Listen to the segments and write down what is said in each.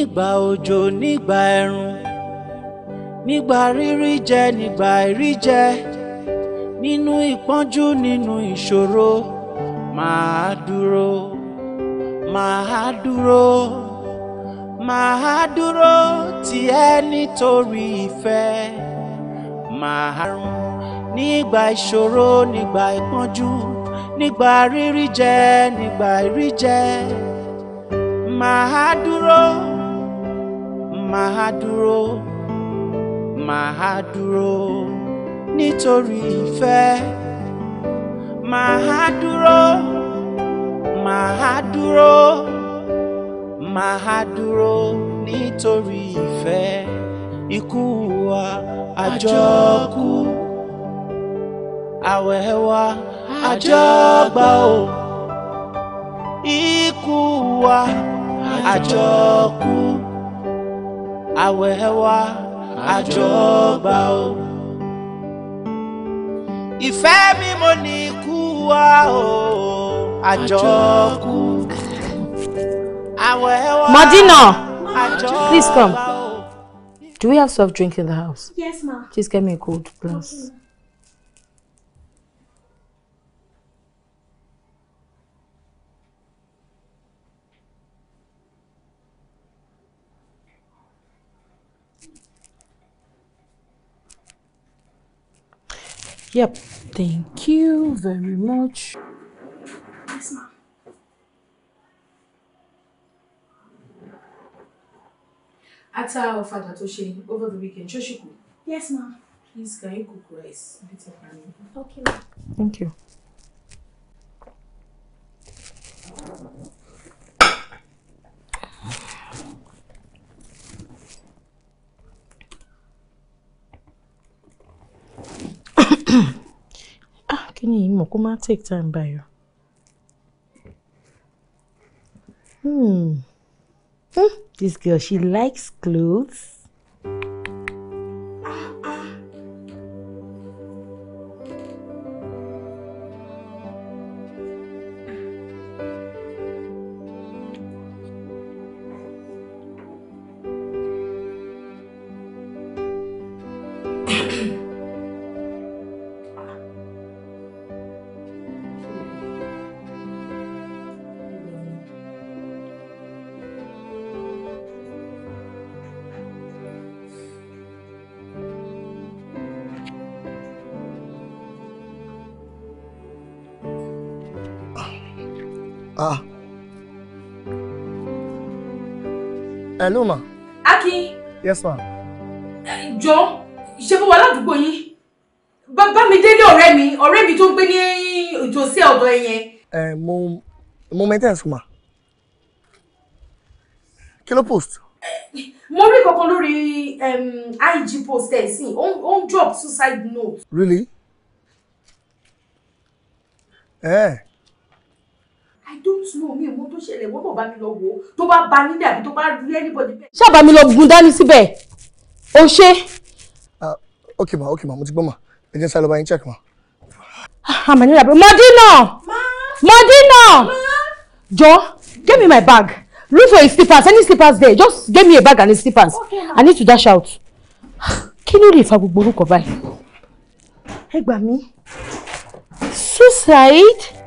nígbà òjò nígbà ẹ̀rùn nígbà rírí jẹ nígbà àìrí jẹ nínú ìpọ́njú nínú ìṣòro màá dúró màá dúró màá dúró tì ẹ́ nítorí ìfẹ́ màá rún nígbà ìṣòro nígbà ìpọ́njú nígbà rírí jẹ nígbà àìrí jẹ màá dúró máa dúró máa dúró nítorí ìfẹ́ máa dúró máa dúró máa dúró nítorí ìfẹ́ ikú wa àjọkú àwẹ̀ wa àjọgbà o ikú wa àjọkú àwẹ̀ wa àjọgbà o. ìfẹ́ mi mo ní ikú wa o àjọkú. àwẹ̀ wa Madina please come. Do we have soft drink in the house? Yes, ma'am. Please get me a cold glass. mm Yep, thank you very much. Yes, ma'am. Ata our father to over the weekend, she Yes, ma'am. Please, can you cook rice? A bit of honey. Okay, ma'am. Thank you. ah can you, yìí mọ̀ take time báyọ̀. Hmm. Hmm. This girl, she likes clothes. hello ma. Akin. Yes ma. Jọ ṣe fún wa ládùúgbò yín. Bàbá mi délé ọ̀rẹ́ mi, ọ̀rẹ́ mi tó ń gbé ní ìjọsí ọ̀dọ̀ ẹ Ẹ mo mo maintenance ma. Kí post? Mo rí kankan lórí IG post ẹ̀ sí, ó ń drop suicide note. Really? Ẹ. Eh. I don't know, ń ṣẹlẹ̀ wọ́n bọ̀ bá mi lọ wò ó tó bá ba nílé àbí tó bá rí anybody bẹ́ẹ̀. ṣáàbà mi lọ gun dání síbẹ̀ o ṣe. Ah, ok ma ok ma mo ti gbọ́ ma ẹ jẹ́ sáré lọ yín check ma. àmọ́ ní ìlàbẹ̀ mọ́dínà mọ́dínà jọ give me my bag look for a slippers any slippers there just give me a bag and a slippers okay, i need to dash out kí ló lè fa gbogbo orúkọ báyìí ẹ gbà mí suicide.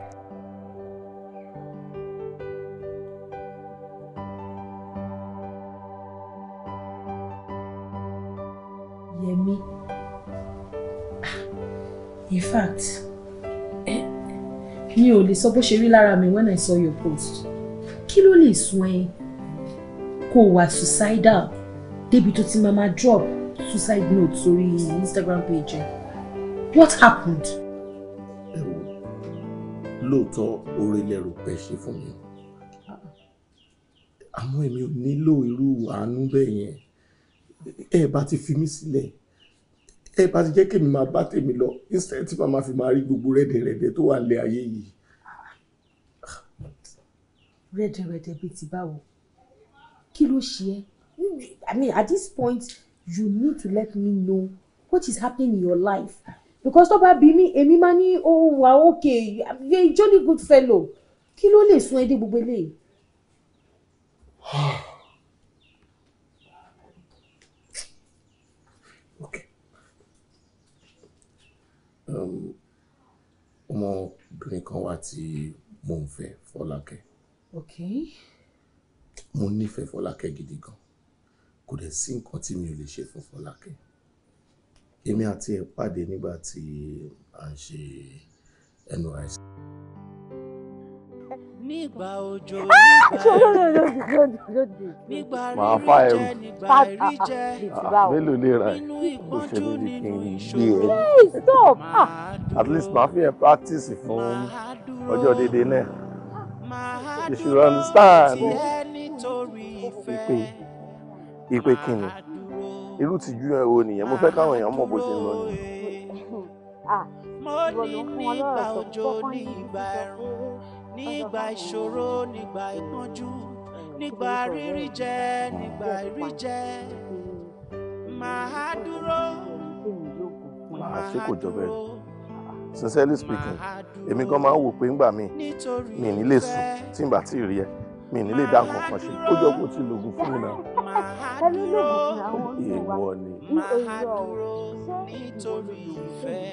fact mi ò lè sọ bó ṣe rí lára mi when I saw your post kí ló lè sún ẹ kó o wà suicidal débi tó ti máa máa drop suicide note sórí Instagram page what happened. ẹ wo lóòótọ́ oore lẹ́rù pẹ́ ṣe fún mi àmọ́ èmi ò nílò irú àánú bẹ́ẹ̀ yẹn ẹ bá ti fi mí sílẹ̀ ẹ bá ti jẹ́ kí mi máa bá tèmi lọ instead tí màmá fi máa rí gbogbo rẹ́dẹ̀rẹ́dẹ̀ tó wà nílé ayé yìí. rẹ́dẹ̀rẹ́dẹ̀ bíi ti báwo kí ló ṣe ẹ́ I mean at this point you need to let me know what is happening in your life because tó bá bí mi èmi máa ní ó oh, wà okay you are a jolly good fellow kí ló lè sún ẹ gbogbo eléyìí. ọmọbìnrin kan wà tí mo ń fẹ́ Fọlákẹ́. Okay. mo nífẹ̀ẹ́ Fọlákẹ́ gidi gan kò dẹ̀ sí nǹkan tí mi ò lè ṣe fún Fọlákẹ́ èmi àti ẹ̀ pàdé nígbà tí à ń ṣe NYSC nígbà òjò nígbà rírí jẹ nígbà ah, rí ah, ah, jẹ mélòó lè ra ẹ kò ṣe at least màá fi ẹ practice fún ọjọ́ dédé náà you should understand ìpè ìpè kìnnì irú tìjú ẹ wo nìyẹn mo fẹ́ káwọn èèyàn mọ̀ bó ṣe ń lọ nìyẹn. mo ní nígbà òjò nígbà ẹ̀rùn nígbà ìṣòro nígbà ìpọ́njú nígbà rírí jẹ nígbà rírí jẹ màá dúró màá dúró sincerely speaking èmi gan máa ń wò pé ńgbà mi mi ní lè sùn tí n bá ti rí ẹ mi ní lè dá nǹkan kan ṣe ó jọ kó ti lògùn fún mi náà. ẹni lògùn fún àwọn ìwọ ni. máa dúró nítorí ìfẹ́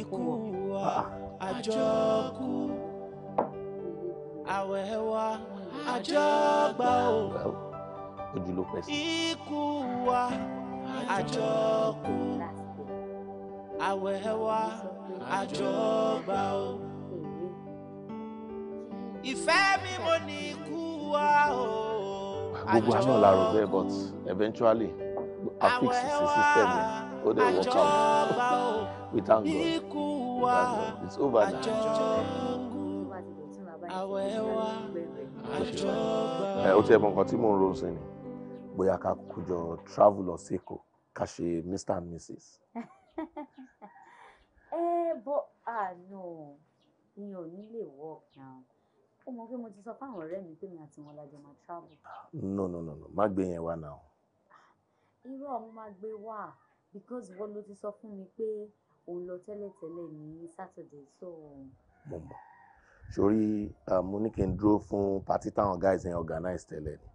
ikú àjọkú àwẹ̀ wa àjọgbà o ikú wa àjọkù àwẹ̀ wa àjọgbà o ìfẹ́ mi mo ní ikú wa o gbogbo àná la rò bẹ́ẹ̀ but eventually a fix the system ó dẹ̀ work out we thank God we thank God it's over now àwẹ̀ wa àjọba. ẹ o ti mọ nǹkan tí mò ń ro sí ni bóyá ká kó jọ travel lọ sí ká ṣe Mr and Mrs. ẹ bọ àánú ìyẹn ò ní lè wọ ọkàn ó mọ pé mo ti sọ fáwọn ọ̀rẹ́ mi pé mi àti wọn lájọ máa travel. no no no no má gbé yẹn wá náà. irọ́ mo máa gbé wá because wọ́n ló ti sọ fún mi pé òun lọ tẹ́lẹ̀tẹ́lẹ̀ ní Saturday so. mo mọ̀ sórí mo ní kí n dúró fún pàtí táwọn guys yẹn organize tẹ́lẹ̀ ni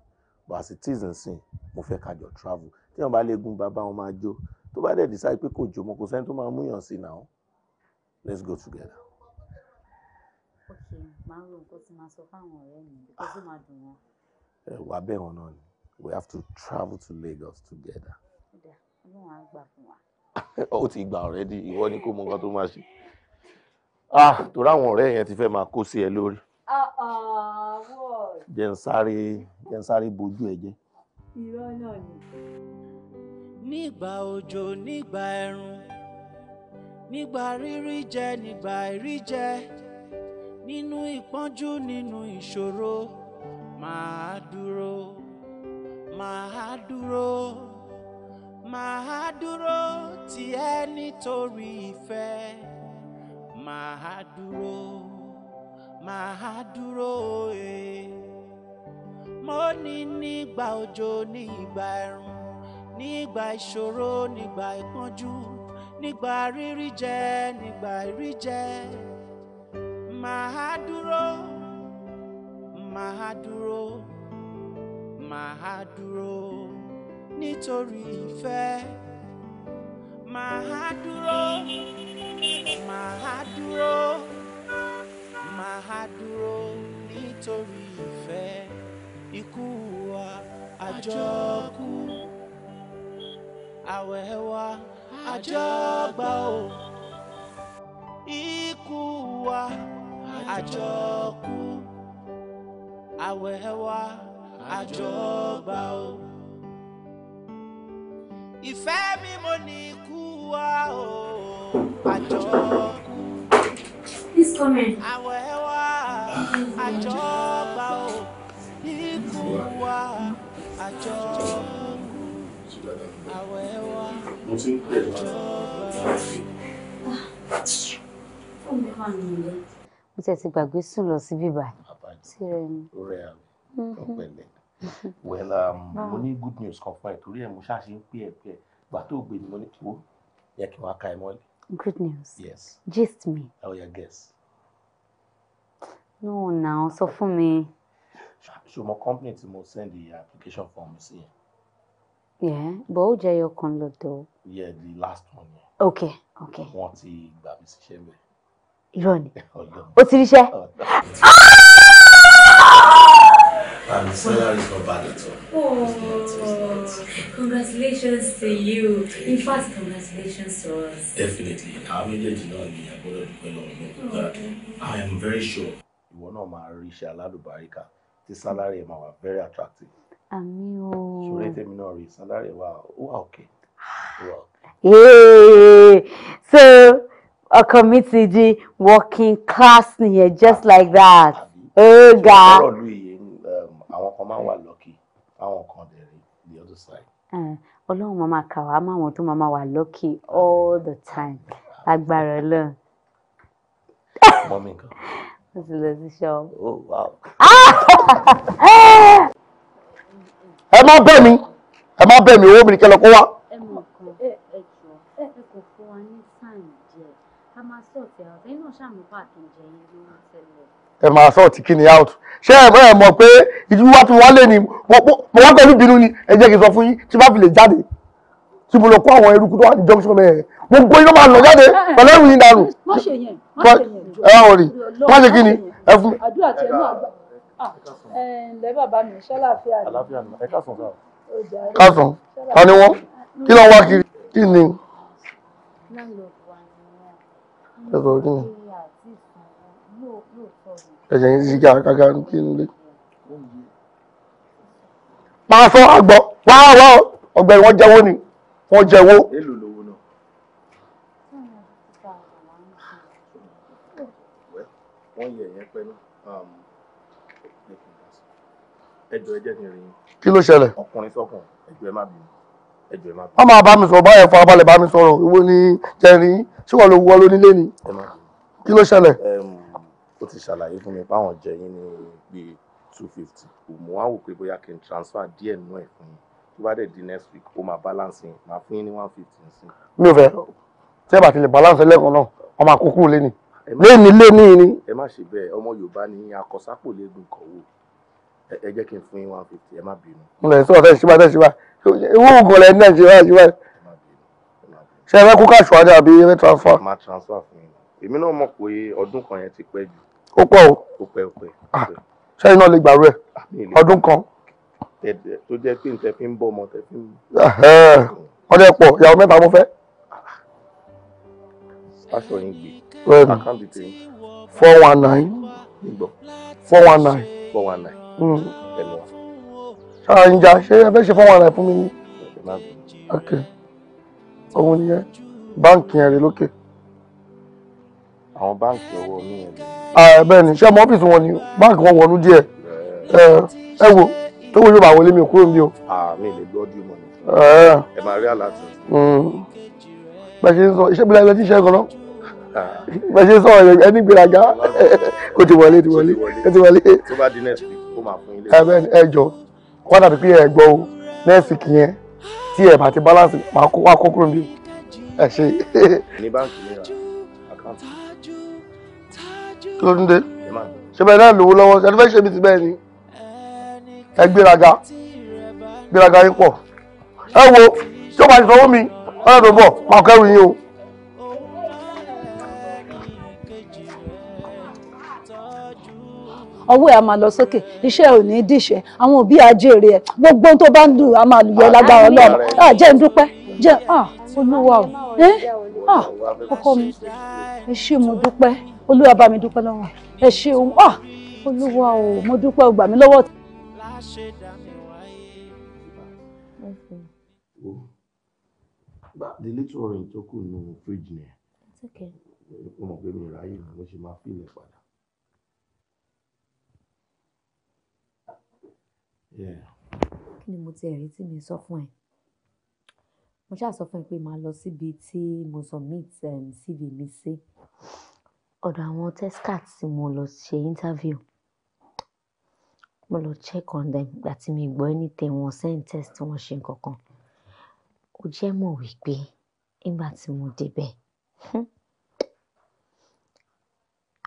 but as it is nsìn mo fẹ́ kájọ travel tí wọ́n bá lè gun bàbá wọn máa jó tó bá dẹ̀ decide pé kò jó mọ́ kò sẹ́ni tó máa mú yàn sí now let's go together. okay máa ń ro ẹ wà bẹ́ẹ̀ wọn náà ni we have to travel to Lagos together. ó dà ọlọ́run á gbà fún wa. ó ti gbà already ìwọ ni kò mọ nǹkan tó máa ṣe ah torí àwọn ọ̀rẹ́ yẹn ti fẹ́ máa kó sí ẹ lórí. Uh-uh, jẹ́ ń sáré jẹ́ ń sáré bojú ẹ jẹ́. irọ́ ni. nígbà òjò nígbà ẹ̀rùn nígbà rírí jẹ nígbà ìrí jẹ nínú ìpọ́njú nínú ìṣòro màá dúró màá dúró màá dúró tì ẹ́ nítorí ìfẹ́ máa dúró máa dúró ee mo ní nígbà òjò ní ìgbà ẹ̀rùn nígbà ìṣòro nígbà ìpọ́njú nígbà rírí jẹ nígbà ìrí jẹ máa dúró máa dúró máa dúró nítorí ìfẹ́ máa dúró. ma ha dúró ma ha ife iku wa ajọọ ọkụ awaewa ajọọ gba o iku wa ajọọ ọkụ awaewa ajọọ gba o ife mimo na iku wa o Please come in. mo ti ń pè ah, gbàgbé sùn lọ sí bíbá sí mm-hmm. um, ah. mo ní good news kan fún ẹ torí ẹ mo ṣáà ṣe ń pè ẹ pé gbà tó gbé ni mo ní kí wọ́n yẹ kí wọ́n á ka ẹ mọ́lẹ̀. Good news. Yes. Gist me. Oh, yeah, guess. No, now, so for me. Ṣé my company to mo send the application form sí yẹn? Yeah, but ó jẹ́ ọ̀kan lọ́dọ̀. Yeah, the last one. Yeah. Okay, okay. Wọ́n ti gbà Ironic. síṣẹ́ bẹ́ẹ̀. Irọ́ ni. Ó ti ríṣẹ́. Ah! and salary is not bad at all. Oh, congratulations to you. Thank In fact, congratulations to us. Definitely. Our méjèèjì náà ni àgbọ̀dọ̀ dúpẹ́ lọ́wọ́ náà. Oh, But I am very sure. Ìwọ náà máa rí iṣẹ́ alálùbáríkà tí sálárì ẹ̀ máa wà very attractive. Àmì o. Ṣòro tèmi náà rí wow, wow, okay. Wow. Hey! So a committee, ti working class here, just like that. Oh God máa ń wà lọ́kì fáwọn kan dẹ̀ rí the other side. Eh, ọlọ́run máa máa kà wá mọ́ àwọn tó máa máa wà lọ́kì all the time lágbára ọlọ́run. mọ mi nǹkan. mo ti lọ sí ṣọ́ọ̀bù. Oh, ah! ẹ má bẹ̀ mí ẹ má bẹ̀ mí owó mi nìkan lọ kó wá. ẹ mọ̀ kan ẹ ẹ jọ ẹ kò fún wa ní sáìn díẹ̀ ká máa sọ̀tì àwọn ẹ̀yin náà ṣàmùbá àtúnjẹ yẹn ló ń tẹ̀lé. ẹ máa sọ̀tì kí ni out ṣé ẹ mọ̀ pé ìdíwá tí wọ́n lé ni mo wá pẹ̀lú ìbínú ni ẹ jẹ́ kí n sọ fún yín tí bá fi lè jáde tí mo lọ kó àwọn eruku tó wà ní junction mẹ́rin gbogbo iná máa lọ jáde pẹ̀lú ẹ̀rù yín dànù. má ṣe yẹn má ṣe yẹn jọ ẹ wọ́n rí má ṣe kí ni ẹ fún mi. àdúrà tí ẹ náà ah, ẹ ǹlẹ́ bàbá mi ṣàlàáfíà ni. àlàáfíà ni ẹ káàsán sáà. káàsán ta ni ẹsẹ̀ yín sí kàkàkà ń kí nílé. máa sọ àgbọ̀ wáwọ́ ọ̀gbẹ́ni wọ́n jẹ́wọ́ ni wọ́n jẹ́wọ́. Um, kí ló ṣẹlẹ̀. wọ́n máa bá mi sọ̀rọ̀ báyẹn fún abalẹ̀ bá mi sọ̀rọ̀ ìwọ ni jẹrin ṣíwọ́ ló wọ́ lónílé ni kí ló ṣẹlẹ̀. Um, ó ti ṣàlàyé fún mi páwọn jẹ yín ní pé two fifty kò mú wá wò pé bóyá kí n transfer díẹ̀ nínú ẹ̀ fún yín tó bá dẹ̀ di next week ó máa balance yín máa fún yín ní one fifty sí. mi ò fẹ́ tí ẹ bá ti lè balance lẹ́ẹ̀kan náà ọmọ àkókò lé ní léèní léèní ni. ẹ má ṣe bẹ́ẹ̀ ọmọ yorùbá ni akọsápò léegun kọ̀wé ẹ jẹ́ kí n fún yín one fifty ẹ má bínú. mo lè sọ ọ̀sẹ̀ ṣíwá ṣíwá ìwé ògùn ọ̀lẹ́ ní ṣíwá ṣíwá ṣe ẹ fẹ́ kó káṣù àdé àbí ẹ fẹ́ transfer. má transfer fún yín èmi náà mọ̀ pé ọdún kan yẹn ti pẹ́ jù ó pọ̀ o. ó pẹ́ ó pẹ́. sẹ́yìn ah, náà lè gbàrú ẹ̀ ah, ọdún kan. tó jẹ́ pé nǹkan fi ń bọ̀ ọmọ tẹ̀ fi ń. wọ́n dẹ̀ pọ̀ ìyàwó mẹ́ta mo fẹ́. aṣọ yín gbé àkáǹtì tẹ̀ yín. four one nine. nígbọ̀. four one nine. four one nine. Hmm. ẹ̀lọ́. ṣáà ń jà ṣé ẹ fẹ́ ṣe four one nine fún mi ni. ok òun nìyẹn báǹkì yẹn rè lókè. àwọn báǹkì ọwọ́ mi yẹn lè. Ah, eh, bẹ́ẹ̀ ni ṣé ọmọ ọ́fíìsì wọn ni báńkì wọn wọnú díẹ̀ eh, ẹ wo tó wọ́n yóò bá wọlé mi kúrò níbi o. àmì ah, lè lọ́ọ́dì mọ̀ ni eh. ẹ máa rí àlàtì. Hmm. bẹ́ẹ̀ ṣe ń sọ iṣẹ́ bílẹ̀ ẹ ti ṣe é kan náà ah. bẹ́ẹ̀ ṣe ń sọ ẹni gbéraga kò ti wọlé ti wọlé ti wọlé. tó bá di next week ó máa fún ilé. ẹ bẹ́ẹ̀ ni ẹ jọ wọn dàbí pé ẹ gbọ́ o next week yẹn tí ẹ bá ti balance máa kó wá kó kúrò níbi ẹ ṣe. ní báńkì mi kí ló ń dé ṣe bẹ́ẹ̀ náà lówó lọ́wọ́ ṣẹ́ni fẹ́ ṣe mi ti bẹ́ẹ̀ ni ẹ gbéraga gbéraga yín pọ̀ ẹ wo tí ó bá ti sanwó mi ọ̀rẹ́ tó bọ̀ máa kẹ́rù yín o. ọwọ́ ẹ̀ a máa lọ sókè iṣẹ́ ò ní díṣẹ́ àwọn òbí àjèrè ẹ̀ gbogbo tó bá ń dùn a máa lùyọ lágbára ọlọ́run à jẹ́ ń dúpẹ́ jẹ́ olúwa o ọkọ mi ẹ mo dúpẹ́ olúwa bá mi dúpẹ́ lọ́wọ́ ẹ ṣeun ah olúwa o mo dúpẹ́ o gbà mí lọ́wọ́. the little orange tó kù nínú fridge ni mo mọ̀ pé mi ráyè mo ṣe máa fílẹ̀ padà. kí ni mo ti ẹ̀rí tí mi sọ fún ẹ mo ṣáà sọ fún ẹ pé màá lọ síbi tí mo submit um, CV mi sí ọ̀dọ̀ àwọn Tescat tí mo lọ ṣe interview. Mo lọ check on them ìgbà tí mi gbọ́ anything wọn send test wọn ṣe nǹkan kan. Ó jẹ́ mọ̀ wípé nígbà tí mo dé hmm,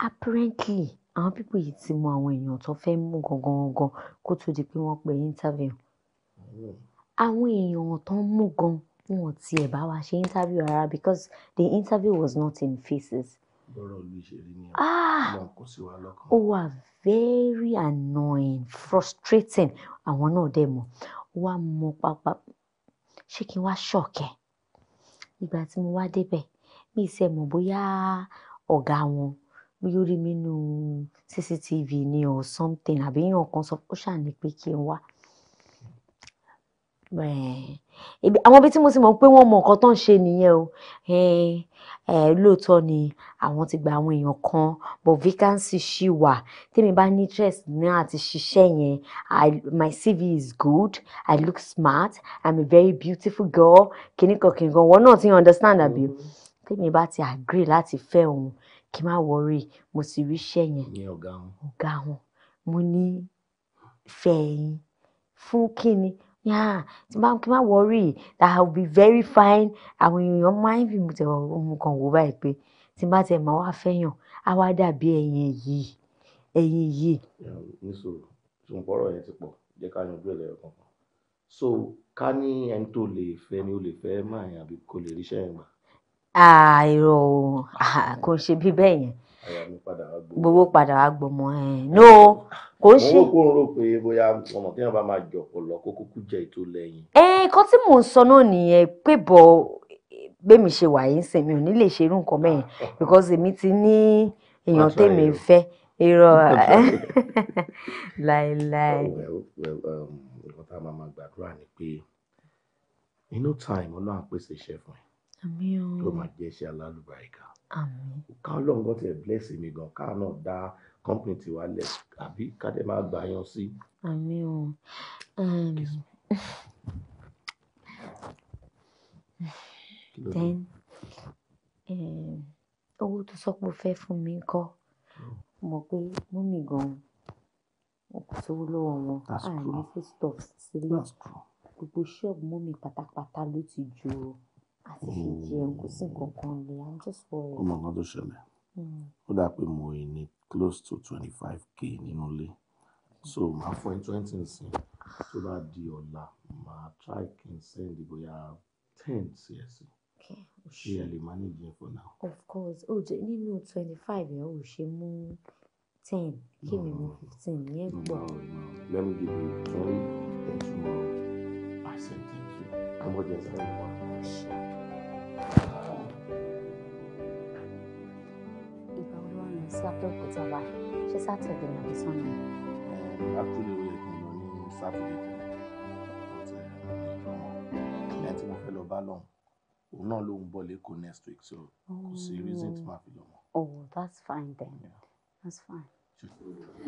apparently àwọn people yìí ti mọ àwọn èèyàn tó fẹ́ mú gangan gan kó tó di pé wọ́n pe interview. Àwọn èèyàn tó ń mú gan wọn ò tí bá wa ṣe interview rárá because the interview was not in faces lọ́rọ̀ ló ah! ó wà very annoying frustrating àwọn náà dẹ̀ mọ̀ ó wá mọ pápá ṣé kí n wá ṣọ̀kẹ́ ìgbà tí mo wá débẹ̀ mi ì sẹ́ mọ̀ bóyá ọ̀gá wọn bóyá ó mi nínú cctv ni or something àbí èèyàn kan sọ ó ṣàní pé kí n wá àwọn ibi tí mo ti mọ̀ pé wọ́n mọ nǹkan tó ń ṣe nìyẹn o lóòótọ́ ni àwọn ti gba àwọn èèyàn kan but vacancy ṣì wà tèmi bá ní interest ní àti ṣiṣẹ́ yẹn my cv is good i look smart i'm a very beautiful girl kìnnìkan kìnnìkan wọn náà ti understand àbí mm-hmm. tèmi bá ti agree láti fẹ́ òun kí n má worry mo sì rí iṣẹ́ yẹn ọ̀gá wọn mo ní fẹ́ yín fún kíni yeah tí máa kí n má worry that will be very fine àwọn èèyàn máa ń fi mi tẹ̀ ọmọ kan wò báyìí pé tí n bá tẹ̀ máa wá fẹ́yàn á wá dàbí ẹ̀yìn yìí ẹ̀yìn yìí. nísòro tún kọ́rọ̀ yẹn ti pọ̀ jẹ́ ká yanjú ẹ̀ lẹ́yọ̀ kankan so ká ní ẹni tó lè fẹ́ ni ó lè fẹ́ máa yàn àbí kò lè ríṣẹ́ yẹn gbà. àìrò ah, ah, kò ṣe bí bẹ́ẹ̀ yẹn gbowó padà wá gbọmọ ẹ no kò ń ṣe. mo kò ń rò pé bóyá ọmọ tí wọn bá máa jọ ọpọlọ kó kúkú jẹ ètò lẹ́yìn. ẹ nǹkan tí mò ń sọ náà nìyẹn pé bọ gbẹmí ṣe wà yín sìn ò ní lè ṣe irú nǹkan mẹ́yìn because èmi ti ní èèyàn tèmi fẹ́ irọ́ láéláé. Oh, um, nǹkan tá a máa máa gbàdúrà ni pé inú time ọlọ́run pèsè iṣẹ́ fún ẹ tó máa jẹ́ iṣẹ́ alálùbáríkà àmín. ká ọlọ́run kan tẹ̀ bless mi gan ká náà dá company tiwa lẹ̀ àbí ká dẹ̀ máa gbà yan sí. àmín o. then owó tó sọ pé o fẹ́ fún mi kọ́ oh. mọ̀ pé mú mi gan-an kò sówó lọ́wọ́ wọn àìní foodstuff sílẹ̀ gbogbo ṣọ́ọ̀bù mú mi pátápátá ló ti ju o àti jẹun kan i'm just worried. ó mọ nǹkan tó ṣẹlẹ̀ hmm. ó dà pé mo yìí ní close to twenty five k nínú ilé so màá fún ẹ twenty nsìn tó bá di ọ̀la màá try kí n send bóyá ten sí ẹ sí ṣé ẹ lè manage yẹn for now. of course o jẹ nínú twenty five yẹn ò ṣe mú ten kí mi mú hmm. fifteen yẹn pọ̀. let me give you twenty and tomorrow i send ten to you. how much is that? after òkúta wa ṣé sátidé ní àbí actually ó yẹ kí n lọ ní òun náà lòun bọ̀ lẹ́kọ̀ọ́ next week so kò sí oh. reason tí màá fi lọ mọ́. oh that's fine then yeah. that's fine.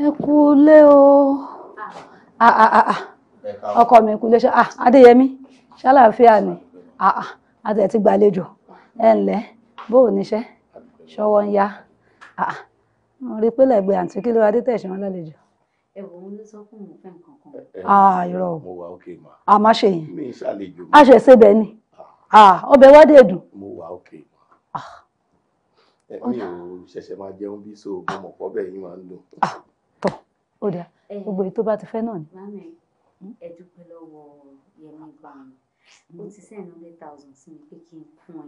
ẹ kú lé ah, ah, ah, o ọkọ mi kú lé ṣe adéyẹmí ṣàlàáfíà ni a ti gbàlejò ẹ ǹlẹ́ bóò níṣẹ́ ṣọwọ́ ń yá mo rí i pé lẹ́gbẹ̀ẹ́ àǹtí kí ló wá dé tẹ̀sán lálejò. ẹ ló sọ fún mi fẹ́ nǹkan kan. ah irọ́ mo wà ókè mà. a má ṣe yẹn a ṣe ṣe bẹ́ẹ̀ ni ah. Ah, ọbẹ̀ wá dé dùn. mo wà ókè mà. Ah. mi ò ṣẹ̀ṣẹ̀ máa jẹun bí so mo mọ̀ pọ́ bẹ́ẹ̀ yín máa ń dùn. tọ ó dà gbogbo èyí tó bá ti fẹ́ náà ni. mami hmm? ẹ dúpẹ́ lọ́wọ́ Yẹmí Bámi ó ti sẹ́yìn hundred thousand sí mi pé kí n fún ọ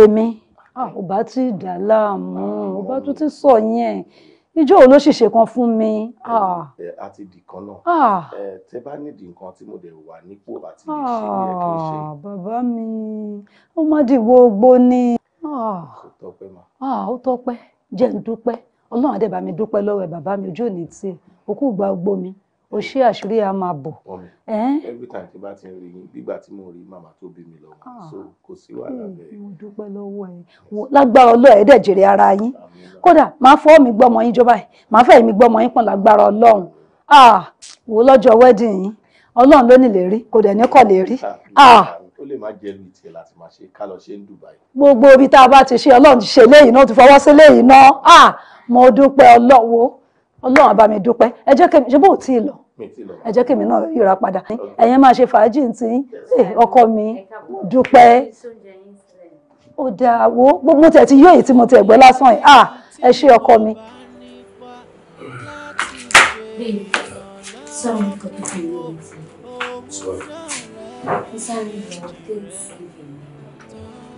èmi ah, ò bá ti dà láàmú ò bá tún ti sọ yẹn ìjọ wo ló ṣìṣe kan fún mi. Ah. a ti dì kan náà ah. tẹ bá nídìí nǹkan tí mo dẹ̀ wà nípò àti lè ṣe ní ẹ̀kẹ́ ṣe. bàbá mi ó má di gbogbo ni. ó tọpẹ́ mà. ó tọpẹ́ jẹ́ ń dúpẹ́ ọlọ́run àdẹ́bàmí dúpẹ́ lọ́wọ́ ẹ̀ bàbá mi ojú ò ní tiẹ̀ òkú gbàgbó mi o ṣé àṣírí a máa bò. every time tí bá ti ń rí yín gbígbà tí mo rí màmá tó bí mi lọ́wọ́ ah. so kò sí wàhálà hmm, bẹ́ẹ̀. mo dúpẹ́ lọ́wọ́ ẹ̀ lágbára ọlọ́ọ̀ ẹ̀ẹ́dẹ̀ jèrè ara yín kódà máa fọ́ mi gbọ́mọ yín jọba ẹ̀ máa fẹ́ mi gbọ́mọ yín pọ̀n lágbára ọlọ́run ah, wò lọ́jọ́ wedding yín ọlọ́run ló ní lè rí kò dẹ̀ ní kọ̀ lè rí ah, ó lè má jẹ lu ìtì láti máa ṣe ká lọ ṣe ń Dubai. gbogbo ibi tá a bá ti ṣe ọlọ́run ti ṣe léyìí náà ti fọwọ́ sí léyìí náà mo dúpẹ́ ọlọ́wọ́ ọlọ́run bá mi dúpẹ́ ẹ jẹ́ kí ṣe bó ò ẹ jẹ́ kí mi náà yíra padà ẹ̀yin máa ṣe fàájì tí eh, ọkọ mi dúpẹ́ ó dáa wo mo tẹ̀ ti yó èyí tí mo tẹ̀ gbọ́ lásán yìí ah ẹ ṣé ọkọ mi.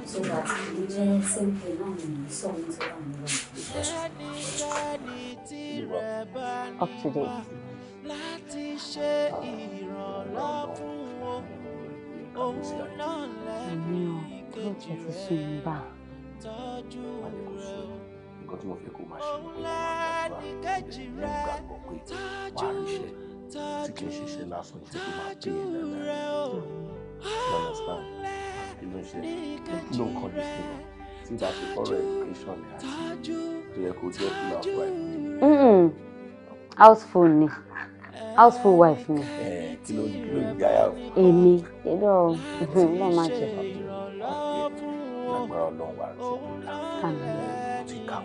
So that we just simply don't Up to date láti ṣe ìrànlọ́ fún o òun náà lẹ́nu ìkejì rẹ̀ tọ́jú rẹ̀ o nǹkan tí ìkejì rẹ̀ tọ́jú tọ́jú tí kì í ṣiṣẹ́ lẹ́nu ìkejì rẹ̀ tí ìgbà tó house phone ni houseful wife mi. Eh, kí ló kí ló gbé aya o. èmi ìlú ọ̀hún máa jẹ. lágbára ọlọ́run wa ti kúlà ti kà ó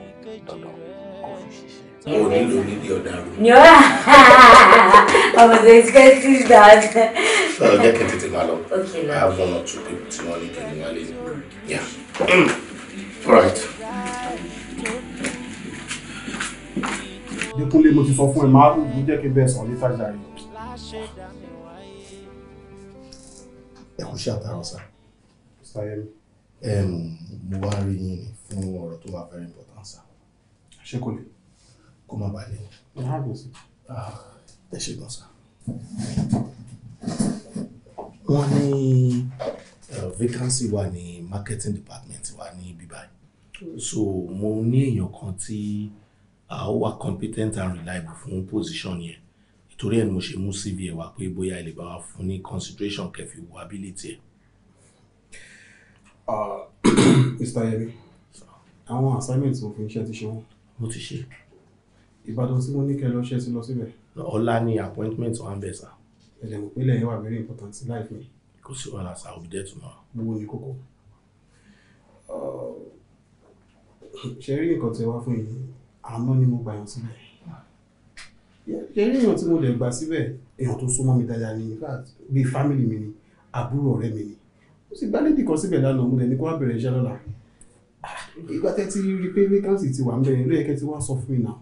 dandan kó fi ṣiṣẹ́. mo nílò nílé ọ̀daràn. yọ̀ọ́ ọmọ tó ti kẹ́ sí ìgbà. ọjọ́ kẹ́ tètè máa lọ i have one or two people tí wọ́n ní kẹ́ni wálé ni. yeah mm. all right. ní kúnlé mo ti sọ fún ẹ máa rù mí jẹ́ kí n bẹ́ẹ̀ sàn ní tájà rẹ̀. ẹ kú sí àtàrà sá. sayemi. mo wá rí yín ni fún ọ̀rọ̀ tó wà very important sá. ṣé kò lè. kó má bàa lè. Ah, ẹ ṣe gan sá. wọ́n ní vacancy marketing department wà ní bíbáyìí so mo ní èèyàn kan tí. Tí a ó wà competent and reliable fún position yẹn nítorí ẹ̀ ni mo ṣe mú CV ẹ̀ wá pé bóyá ẹ lè bá wa fún ní consideration kẹfì wo ability ẹ̀. Ah, Mr. Yemi àwọn assignment mo fi ń ṣe ti ṣe wọn. mo ti ṣe. Ìbàdàn tí mo ní kẹ́ lọ ṣe ti lọ síbẹ̀. ọ̀la ni appointment wa ń bẹ̀ sá. ẹ̀lẹ́mọ̀ pínlẹ̀ yẹn wà very important life mi. kò sí wàhálà sá òbí dẹ́ tuma. gbogbo ní kókó. Ah, ṣe rí nǹkan tí wá fún yìí àná ni mo gbà yàn síbẹ̀ èèyàn tí mo lè gbà síbẹ̀ èèyàn tó súnmọ́ mi dáadáa ni bíi fámìlì mi ni àbúrò ọ̀rẹ́ mi ni mo sì gbálẹ́dì kan síbẹ̀ lánàá mo lè ní kó wá bẹ̀rẹ̀ iṣẹ́ lọ́la ìgbà tẹ́tí rí pé vacancy ti wà ń bẹ̀rẹ̀ ló yẹ kẹ́ ti wá sọ fún mi náà.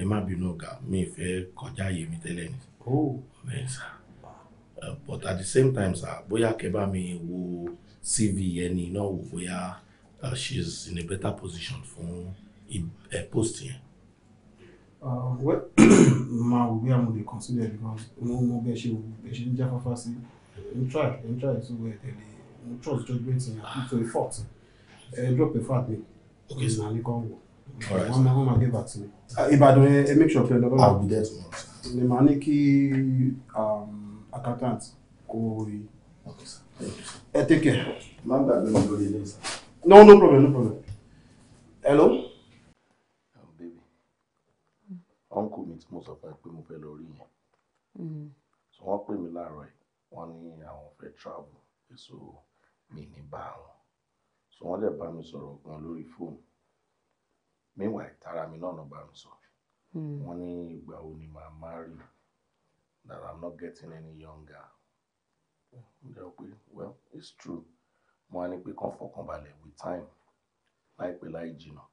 ẹ má bínú ọ̀gá mi ìfẹ́ kọjá àyè mi tẹ́lẹ̀ ni. Oh. but at the same time sà bóyá kẹ́ bá mi wo CV ẹni náà wò bóyá uh, she is in a better position fún. For post yẹn. Ah, well máa wò bí àwọn lè consider because mo mọ bẹ́ẹ̀ ṣe wò bẹ́ẹ̀ ṣe ń jáfáfá sí n try n try so well eh, tẹ̀lé n trust judgement yẹn to a fault ẹ drop a fact ni okay sir na ní kàn wò wọ́n máa wọ́n máa get back to me. Ah, Ìbàdàn ẹ eh, make sure pé ẹ lọ́wọ́ àwọn àbí dẹ́tù mọ́. Ní màá ní kí um, accountant kó rí. Ẹ eh, take care. Má gbàgbé mi lórí ilé ìsà. No no problem no problem. Hello. Uncle mi tí mo sọ fún ẹ pé mo fẹ́ lọ rí yẹn mm-hmm. so wọ́n pè mí láàárọ̀ ẹ̀ wọ́n ní àwọn fẹ́ travel èso mi ní bá wọn so wọ́n dẹ̀ bá mi sọ̀rọ̀ gan lórí fóònù meanwhile tara mi náà bá mi sọ mm. wọ́n ní ìgbà wo ni màá marry that I'm not getting any younger mo dẹ̀ pé well it's true mo á ní pé kàn fọkàn balẹ̀ with time láìpẹ́ láì jìnnà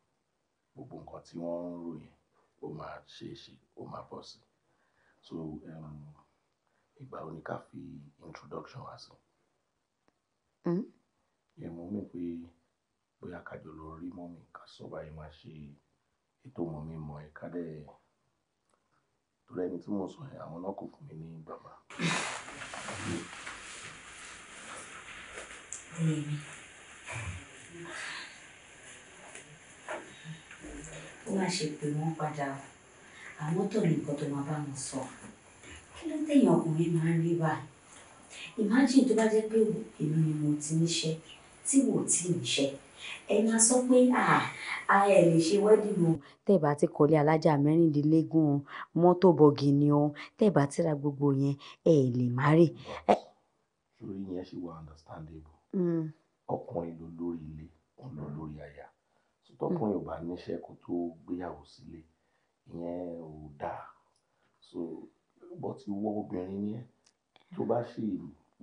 gbogbo nǹkan tí wọ́n ń ròyìn ó máa ṣe é ṣe ó máa pọ̀ sí so um, ìgbà wo ni ká fi introduction wá sí. yẹn hmm? mo mọ̀ pé bóyá kájọ lọ rí mọ́mì ká sọ báyìí máa ṣe ètò mọ́mì mọ́ ẹ̀ ká dẹ̀ torí ẹni tí mo sọ yẹn àwọn náà kò fún mi ní bàbá. Mm. ó má ṣe pè wọ́n padà o àmọ́ tó ní nǹkan tó máa bá wọn sọ kí ló téèyàn ọkùnrin máa ń rí bá imagine tó bá jẹ́ pé èmi ni mo ti níṣẹ́ tí wò tí níṣẹ́ ẹ máa sọ pé a ẹ lè ṣe wedding o. tẹ́ ẹ bá ti kọ́lé alájà mẹ́rìndínlógún mọ́tò bọ̀gì ni o tẹ́ ẹ bá ti ra gbogbo yẹn ẹ lè má rè. ṣòro yẹn ṣì wà understandable hmm. ọkùnrin tọkùnrin hmm. ò bá níṣẹ́ kó tó gbéyàwó sílé ìyẹn ò dáa so bó ti wọ obìnrin yẹn tó bá ṣì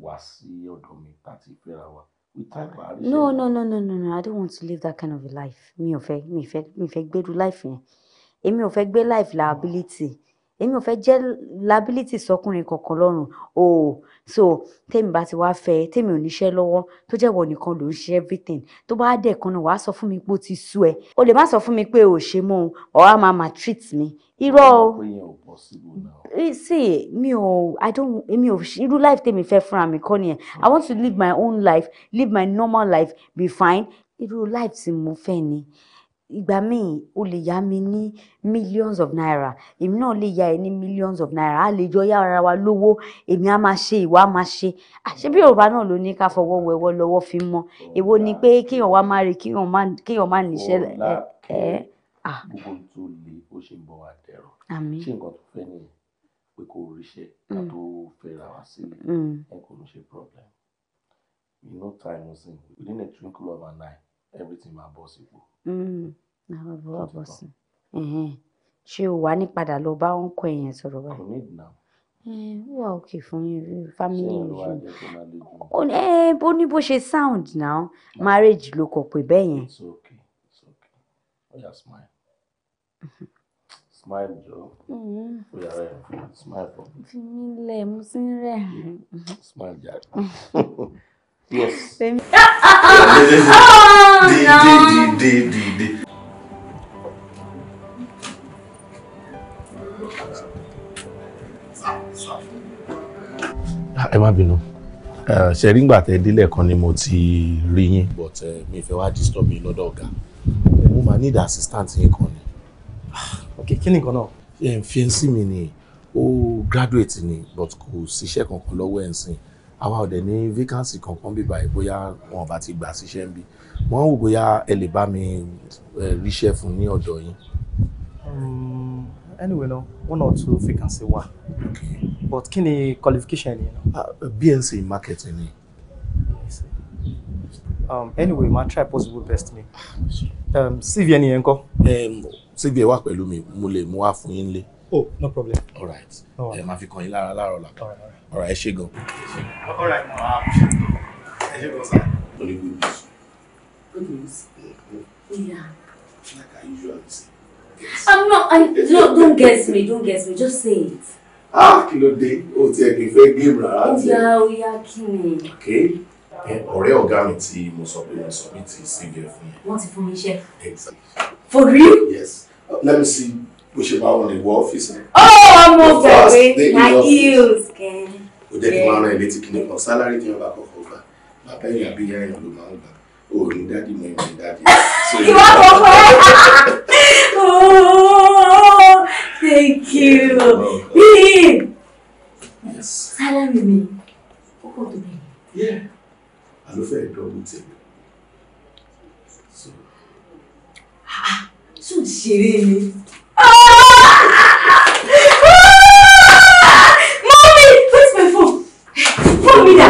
wá sí ọ̀dọ̀ mi láti fẹ́ra wa with time wàá rí no no no no no no i don't want to live that kind of a life mi ò fẹ́ mi ò fẹ́ mi life yẹn èmi ò fẹ́ gbé life liability. Oh èmi ò fẹ́ jẹ́ liability sọkùnrin kankan lọ́rùn o so tèmi bá ti wá fẹ́ tèmi ò níṣẹ́ lọ́wọ́ tó jẹ́ wọ̀ nìkan ló ń ṣe everything tó bá dẹ̀ kan náà wàá sọ fún mi pé ó ti sú ẹ o lè má sọ fún mi pé o ṣe mọ́ o or a máa maltreat mi irọ́ o sí mi ò i don't mi ò irú life tèmi fẹ́ fúnra mi kọ́ nìyẹn i want to live my own life live my normal life be fine irú life tí mo fẹ́ ni ìgbà míì o lè yá mi ní millions of naira èmi náà lè yá ẹ ní millions of naira a lè jọ yá ara wa lówó èmi á máa ṣe ìwà á máa ṣe àṣé bí yorùbá náà ló ní ká fọwọ́ wẹwọ́ lọ́wọ́ fi mọ́ èwo ni pé kéèyàn wá máa rè kéèyàn má níṣẹ́ ẹ ẹ. gbogbo tó le ó ṣe ń bọ̀ wá dẹ̀rọ̀ ṣé nǹkan tó fẹ́ nìyẹn pé kò ríṣẹ́ ká mm. tó fẹ́ra wá sílẹ̀ mm. ẹ kò ní ṣe problem you know time was in within a twinkle of an eye everything ma bọ́ sípò. Mm àwọn bó wà bọ̀ sí ṣé o wà ní padà lọ bá ọ̀nkọ ẹ̀yẹn sọ̀rọ̀ báyìí. kò ní ìdùnnà. wà òkè fún yín family yín ó ní bó ṣe sound now ah. marriage ló kọ pé bẹ́ẹ̀ yẹn. it's okay it's okay oh yeah smile smile jọ oh yeah rẹ smile for me. fi mí lẹ̀ mo sì ń rẹ̀. Mm-hmm. smile jàre. yes. oh no. ẹ má bínú ṣe rí ngbà tẹ délẹ̀ kan ni mo ti rí yín but eh, mi fẹ́ wá disturb yín lọ́dọ̀ ọ̀gá mo máa need assistant yín kan ni. Ah, ok kí ni nǹkan náà. ẹ mi ni ó graduate ni but kò ṣiṣẹ́ kankan lọ́wọ́ ẹ̀ ń sìn àwa ọ̀dẹ̀ ní vacancy kankan bí báyìí bóyá wọn bá ti gbà síṣẹ́ ń bí wọ́n wò bóyá ẹ lè bá mi eh, ríṣẹ́ fún ní ọ̀dọ̀ yín. Hmm anyway no one or two vacancy wà but kí ni qualification yẹn náà. Ah, uh, bnc marketing ni. Um, anyway ma try possible best ah, me. um, cv ni yẹn Um, cv ẹ wà pẹ̀lú mi mo lè mú wá fún yín lé. oh no problem. all right oh. ẹ máa fi kàn yín lára láàárọ̀ la all right ẹ ṣé all right ma ẹ ṣé gan sa. lórí good news. good news. yeah. like i usually say. I'm not, I, no, don't guess me, don't guess me, just say it. Ah, kí ló dé? O ti ẹ̀ kì í fẹ́ game rárá tí. Ó yá, yá, kí ni? Okay. Ọ̀rẹ́ ọ̀gá mi tí mo sọ pé mo sọ mi ti CV ẹ̀ fún yẹn. Wọ́n ti fún mi iṣẹ́. Exactly. For real? Yes. let me see bó ṣe máa wọn lè wọ ọ́fíìsì. Oh, ọmọ bẹ̀rẹ̀ na heels kẹ́. Ó jẹ́ kí n máa ran ẹ̀ létí kí ni kan sálárì tí wọ́n bá kọ́kọ́ gbà. Bàbá ẹ̀yìn àbí ẹ̀yìn ló máa ń gbà. O ò ní dádì mọ́ ìwọ̀n ní dádì. Ìwọ́n kọ̀ọ̀kan thank you. Babe. Yes. Salary mi. O kò tó bẹ́ẹ̀. Yeah. A ló fẹ́ dọ́gbù tèmi. So. Ah, so ah. ṣeré ni. Mommy, where's my phone? Phone mi dà.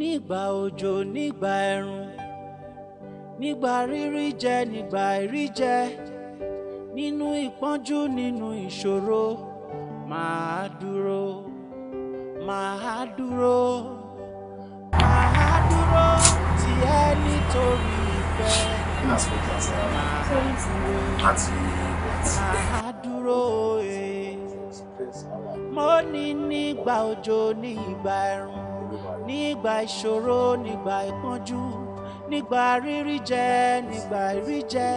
Nígbà òjò, nígbà ẹ̀rùn nígbà rírí jẹ nígbà ìrí jẹ nínú ìpọ́njú nínú ìṣòro màá dúró màá dúró màá dúró tì ẹ́ nítorí ìfẹ́ màá dúró máa dúró e. mo ní nígbà òjò ní ìgbà ẹ̀rùn nígbà ìṣòro nígbà ìpọ́njú nígbà rírí jẹ nígbà rírí jẹ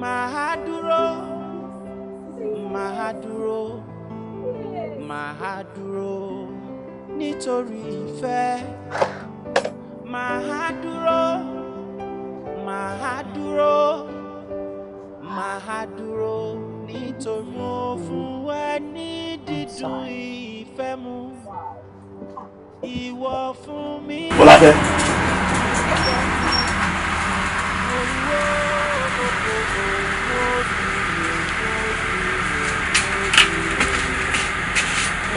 màá dúró màá dúró màá dúró nítorí ìfẹ́ màá dúró màá dúró màá dúró nítorí mo fún ẹ ní dídùn ìfẹ́ mu ìwọ fún mi. Bọ́lá fẹ́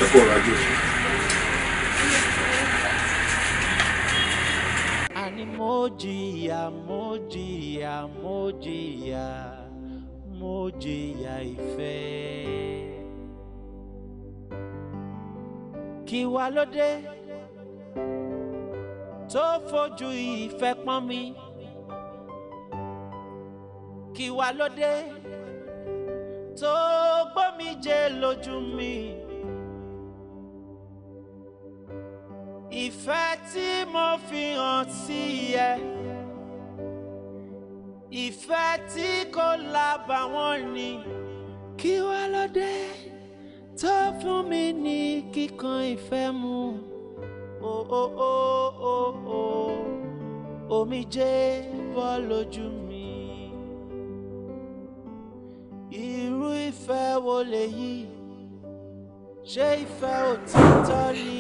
ẹ kọ ọrọ ajé. àní mo jìyà mo jìyà mo mi kí wá ló dé tó gbómijé lójú mi. ìfẹ́ tí mo fi hàn sí ẹ ìfẹ́ tí kò lábàwọ́n ni kí wá ló dé tó fún mi ní kíkan ìfẹ́ mu. Oh, oh, oh, oh, oh. Omijé bọ́ lójú mi. irú ìfẹ́ wo lèyí ṣé ìfẹ́ òtítọ́ ni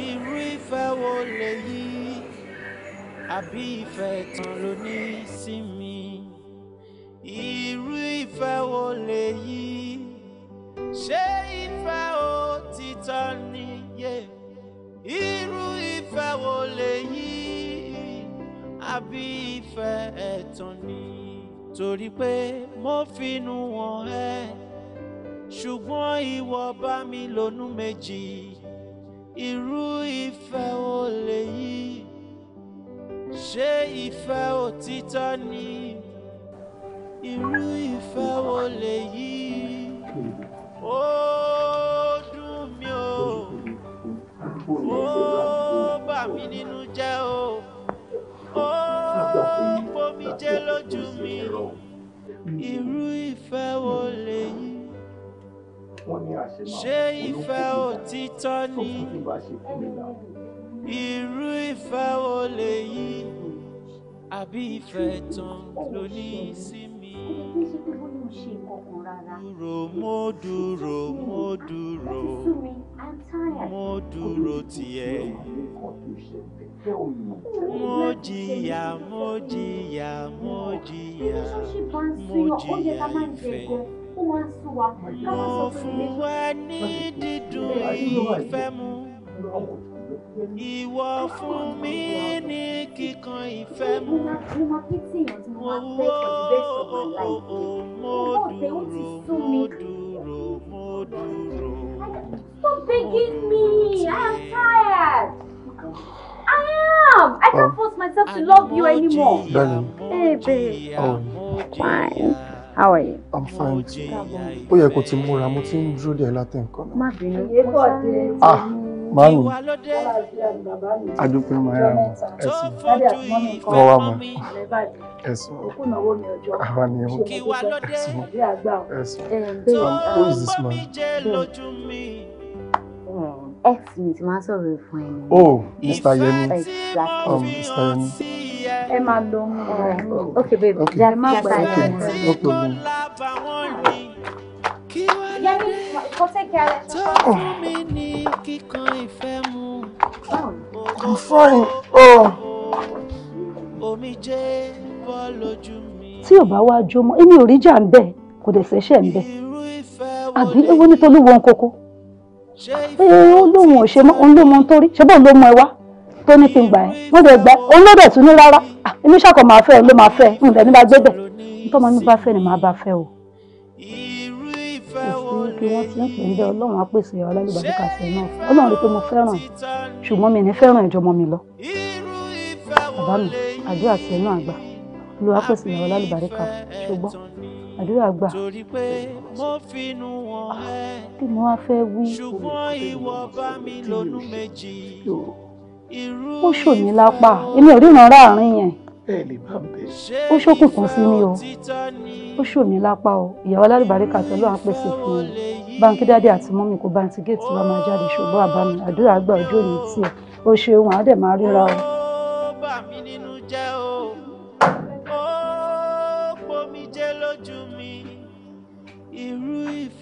irú ìfẹ́ wo lèyí àbí ìfẹ́ tán ló ní sí mi irú ìfẹ́ wo lèyí ṣé ìfẹ́ òtítọ́ ni irú ìfẹ́ wo lèyí àbí ìfẹ́ ẹ̀tàn ni torí pé mo finú wọn ẹ ṣùgbọ́n ìwọ bá mi lónú méjì irú ìfẹ́ ò lè yí ṣé ìfẹ́ òtítọ́ ni irú ìfẹ́ ò lè yí ó dùn mí o ó bà mí nínú jẹ́ o ó omijé lójú mi irú ìfẹ́ wo lèyí ṣé ìfẹ́ òtítọ́ ni irú ìfẹ́ wo lèyí àbí ìfẹ́ tán ló ní sí mi. dúró mo dúró mo dúró mo dúró tiẹ̀ mo jìyà mo jìyà mo jìyà mo jìyà ìfẹ́ mo fún ẹ ní dídùn ìfẹ́ mu ìwọ fún mi ní kíkan ìfẹ́ mu mo wò ó mo dúró mo dúró mo dúró. Stop begging me! I'm tired! I am. I can't oh. force myself to love you anymore. Darling. Hey, babe. Oh. Fine. How are you? I'm fine. Ó yẹ kó ti múra, mo ti ń dúró díẹ̀ látẹ̀ nǹkan náà. Má bínú. Ah, márùn-ún. Adúpẹ́ máa ra wọn. Ẹ̀sùn. Wọ́n wá mọ̀. Ẹ̀sùn. Àwa ni ẹ̀wọ̀n. Ẹ̀sùn. Who is this man? ex mi ti máa sọ̀rọ̀ fún ẹni. oh mr yemi exactly. um, mr yemi. ẹ máa lo ọmọ rẹ ok babe okay. jẹ má gbà yẹn. ok no problem. yẹmi kò tẹ́kẹ̀ ara ẹ. i'm fine. tí ò bá wá jó mọ́ èmi ò rí jà ń bẹ̀ kò dẹ̀ ṣẹ̀ṣẹ̀ ń bẹ̀ àbí ewu nítorí wọn kókó ee olóhùn òṣè mọ òun ló mọ torí ṣé bóun ló mọ ẹ wá tó ní kí n gbà ẹ wọn lè gbà òun ló dẹ̀ tún ní rárá èmi ṣàkọ máa fẹ́ òun ló máa fẹ́ òun dẹ̀ ní bá gbé bẹ̀ nítorí ọmọ bá fẹ́ ni màá bá fẹ́ o kò kí wọ́n ti ń pè ń bẹ ọlọ́run á pèsè ọlọ́lùbàdàn kàṣẹ náà ọlọ́run rí pé mo fẹ́ràn ẹ̀ ṣùgbọ́n mi ní fẹ́ràn ẹ̀jọ̀ ọmọ mi lọ. bàbá mi àdúrà tiẹ̀ náà àgbà olúwa pèsè ọlọ́lùbàdàn kàṣẹ ṣùgbọ́n àdúrà gbà. torí pé mo finú wọn ah, ẹ. kí mo wá fẹ́ wí. ṣùgbọ́n ìwọ bá mi lónú méjì. ó ṣò mí lápá èmi ò ríran ráàrin yẹn. ó ṣókùnkùn sí mi o ó ṣò mí lápá o ìyàwó alálùbáríkà tó lóun á pèsè fún un báńkì dáadé àti mọ́mì kó báńkì géètì wa máa jáde ṣùgbọ́n àbámi àdúrà gbà ojú òní tiẹ̀ o ṣeun àwọn dẹ̀ máa ríra o. ó bà mí nínú.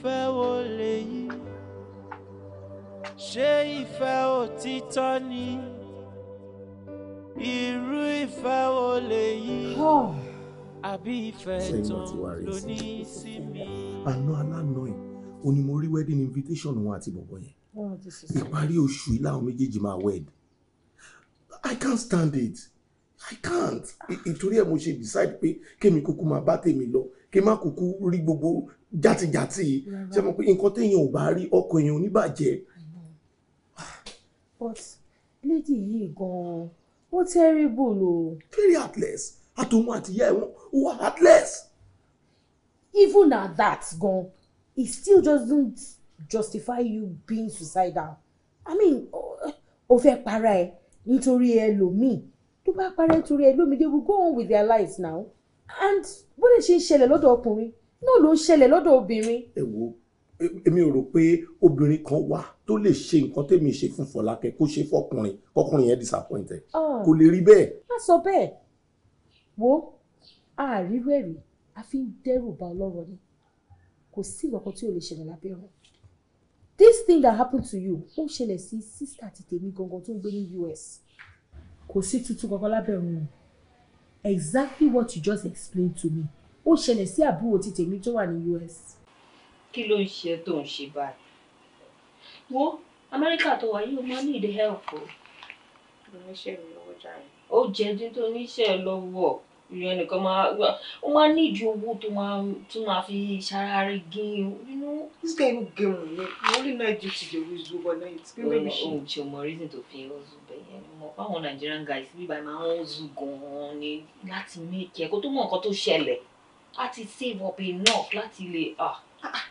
ìfẹ́ wo lèyí ṣé ìfẹ́ òtítọ́ ni irú ìfẹ́ wo lèyí ah. àbí ìfẹ́ tán ló ní sí mi. àná aláàánú yìí o ni mo rí wedding invitation wọn àti bọ̀bọ̀ yẹn ìparí oṣù yìí làwọn méjèèjì máa wed I can't stand it I can't nítorí ẹ̀ mo ṣe decide pé kémi kúkú máa bá tèmi lọ kí má kúkú rí gbogbo játijàti ṣe mọ̀ pé nǹkan téèyàn ò bá rí ọkọ̀ èèyàn oníbàjẹ́. but lady yìí gan-an ó terrible o. very heartless àtòun àti ìyá ẹ̀wọ̀n ó wà heartless. even at that gan it still doesn't justify you being suicidal i mean ó fẹ́ para ẹ nítorí ẹlòmíì tó bá para ẹ torí ẹlòmíì they will go on with their lives now and bó lè ṣe ń ṣẹlẹ̀ lọ́dọ̀ ọkùnrin náà ló ń ṣẹlẹ̀ lọ́dọ̀ obìnrin. ẹ wo èmi ò rò pé obìnrin kan wà tó lè ṣe nǹkan tèmi ṣe fún Fọlákẹ́ kó ṣe fọkùnrin kọkùnrin yẹn disappointed ah. kò lè rí bẹ́ẹ̀. má sọ bẹ́ẹ̀ wo àárírú ẹ̀rí a fi ń dẹ́rù ba ọlọ́rọ̀ ni kò sí ìwọ̀kan tí ò lè ṣẹlẹ̀ lábẹ́ ọ̀run this thing that happened to you ó ṣẹlẹ̀ sí sísà àti tèmi gangan tó ń gbé ní US kò sí tuntun kankan lábẹ́ ọ̀run exactly what you just explained to me ó ṣẹlẹ̀ sí àbúrò ti tèmi tó wà ní US. kí ló ń ṣe tó ń ṣe báyìí wo amẹ́ríkà tó wà yìí ó máa need help o. mo ní iṣẹ́ mi lọ́wọ́ jáde. ó jẹ́ dín tó níṣẹ́ lọ́wọ́ ìyẹn nìkan máa ó máa ní ìdí owó tó máa tó máa fi ṣàràrí gín you know. this guy no get money na only night duty dey always do overnight. ohun tí o mọ reason tó fi ọzọ bẹyẹn mọ báwọn Nigerian guys bíbá máa ń zu gan-an ni láti mékì ẹ kó tó mọ nǹkan tó ṣẹlẹ̀ láti save up enough láti lè. ah ah. ah.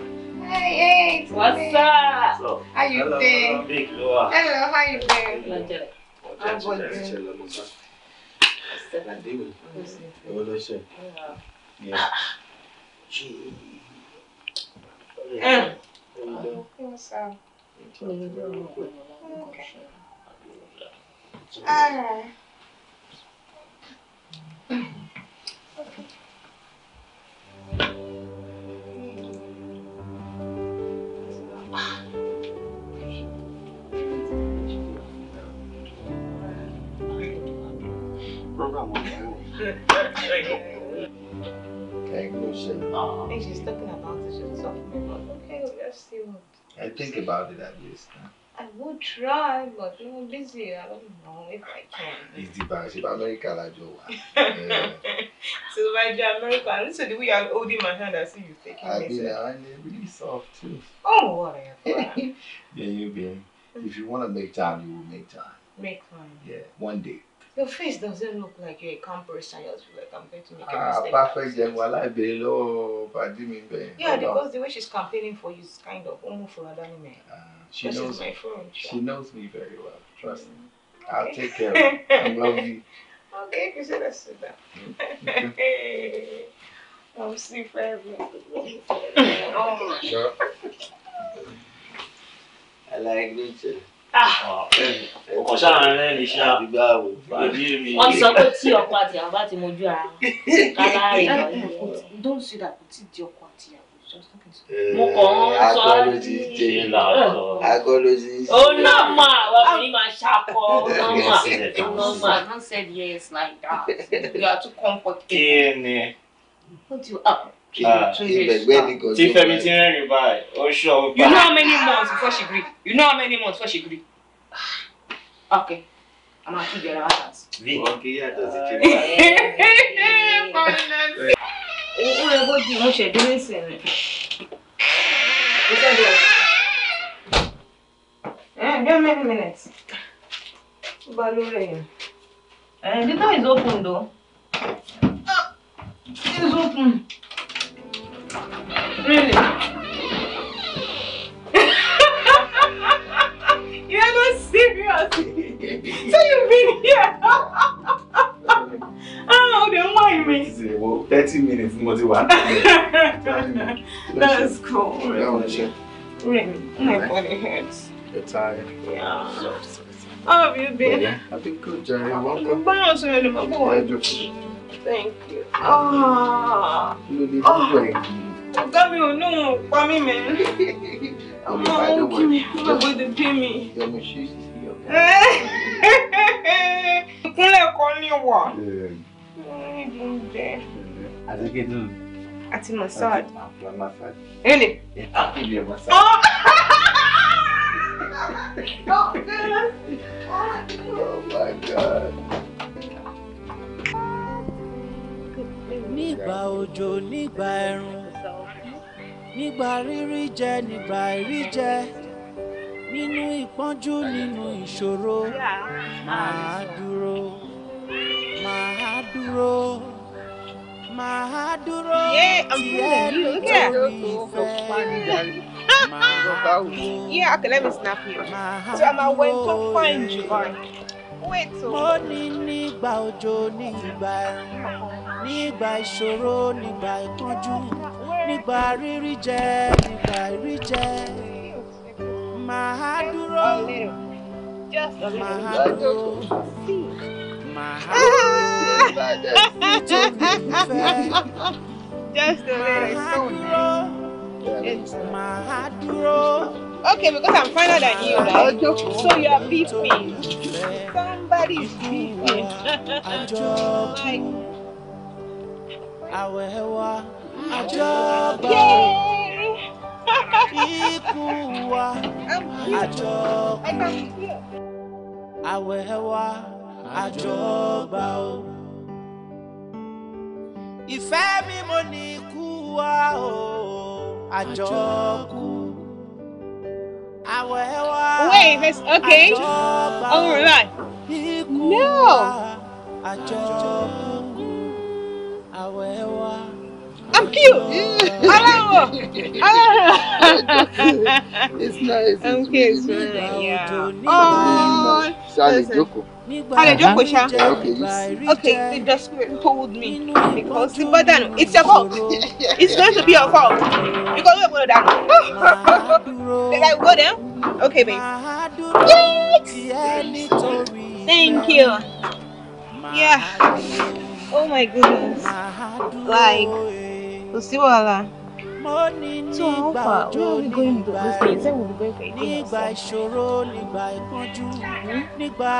Hey, hey, what's me. up? What's up? How you Hello, been? Big Laura. Hello, how you been? I'm good. Revolution. Yeah. Gee. Yeah. What's up? Okay. All right. Oh, he's just looking at nonsense and stuff. Okay, we'll just see what. I think about it at least. Huh? I would try, but you know, busy. I don't know if I can. It's the bad. If America, I do. So, by the America, listen to the way I'm holding my hand, I see you taking I've been and really soft too. Oh, whatever. yeah, you've been. If you want to make time, you will make time. Make time. Yeah, one day. Your face doesn't look like you're a camp person. You're like, I'm going to make a ah, mistake. Ah, perfect. Then while I below. low, but me Yeah, because the way she's campaigning for you is kind of almost for another man. She knows my friend. She, she knows me very well. Trust mm. me. I'll take care of you. I love you. Okay, you said that's it. Mm. I'm sleep forever. oh. Sure. I like nature. ọkàn sáà rẹ ní ṣá gbígbá wò fàbí mi. wọ́n sọ pé tí ọkọ àti ìyàwó bá ti mojú ara wọn kálá rẹ̀ lọ́yẹ̀. don't say that tí di ọkọ àti ìyàwó mo kàn ń sọ ọ́ ní agolo ti ṣe. ó ná mà wọ́n fi máa ṣakọ ná mà ná mà don't say yes like that you are too comfortable. kí ni three uh, two years where did God tí Fẹ́mi ti rẹ́rìn you know how many months before she gree you know how many months before she gree. okay i'm gonna keep your house. mi okay yà tó ti ṣe báyìí. owó rẹ bó di ìmúṣẹ dúró ìsìn Eh, just many minutes. Balure. Eh, the door is open though. It's open. Really? You are not serious. so you've been here. Ah, oh, don't mind me. Well, 30 minutes, mo ti wà. That's cool. Really, my body hurts. You're tired. Yeah. How have you been? I've been good, Jerry. Welcome. Báwo sọ̀rọ̀ lè mọ̀ bọ̀ wá? Thank you. Ah. Oh. lè fún ẹ̀. Ọ̀gá mi ò ní òun pa mí mẹ́. Ọmọ òun kí mi, ọmọ òun ti bí mi. Yọmi ṣe é sí ọ̀gá. Ìkúnlẹ̀ kan ní wà. Ibi ń jẹ. Àti kí ni? Àti Mossad. Oh. Mossad. Ele. Àti ilé Mossad. Oh, goodness. Oh, my God. nígbà òjò nígbà ẹ̀rùn nígbà rírí jẹ nígbà ìrí jẹ nínú ìpọ́njú nínú ìṣòro màá dúró màá dúró màá dúró tí ẹ lójú mi fẹ́. Yeah, okay, let me snap you. So I'm going to find you. Wait, Mo ní nígbà òjò nígbà ẹ̀rùn nígbà ìṣòro nígbà ìpọ́njú nígbà rírí jẹ nígbà rírí jẹ màá dúró màá dúró màá dúró nítorí dúró Okay, because I'm finer than you, right? So you are beefing. Somebody's beefing. àwẹ̀ wa àjọgbà ikú wa àjọgbà àwẹ̀ wa àjọgbà ìfẹ́ mi mo ní ikú wa o Wait, that's okay. Oh o. All right. ikú I'm cute. Aláwọ̀. Aláwọ̀. It's nice. I'm cute. Yeah. Oh. Shall we Ṣáàlì jókòó ṣá. Okay, you see. Okay, the desperate told me because the it's your fault. It's going to be your fault You got to go down. Did I go there? Okay, babe. Yes. Thank you. Yeah. Oh my goodness. Like. E kò sí wàhálà. so how far where are we going to? this thing say we going for a thing. nígbà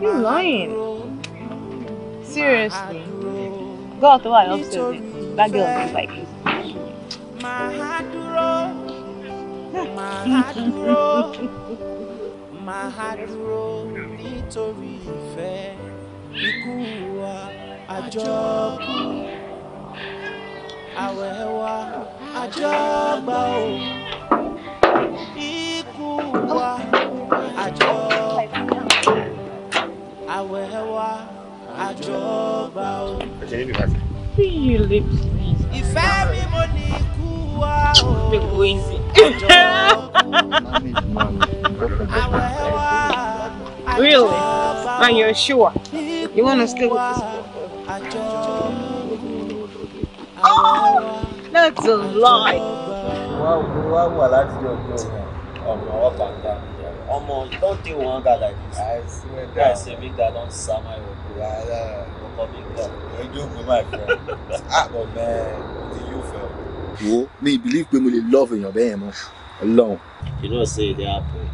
you mm-hmm. lying seriously Go girl tó wà upstairs that girl is like you. máa dúró nítorí ìfẹ́ ikú wa àjọkú àwẹ̀ wa àjọgbà o ikú wa àjọkú àwẹ̀ wa àjọgbà o. Feel your lips, please. Ìfẹ́ mi mo ní ikú really? Are you sure? You want to stay with this boy? Oh, that's a lie. Wá wà láti ọjọ́ yẹn, ọmọ ọba ń dá mi jẹ. Ọmọ don dey one guy like this. I swear down. Guy say make guy don sama your bro. Rárá. Ọkọ mi gbọ́. Ojú ògùn my friend. Ah, but man, o ti yóò fẹ́ wo mi believe pé mo lè love èèyàn bẹ́ẹ̀ mọ́ ọlọ́run. you know say e dey happen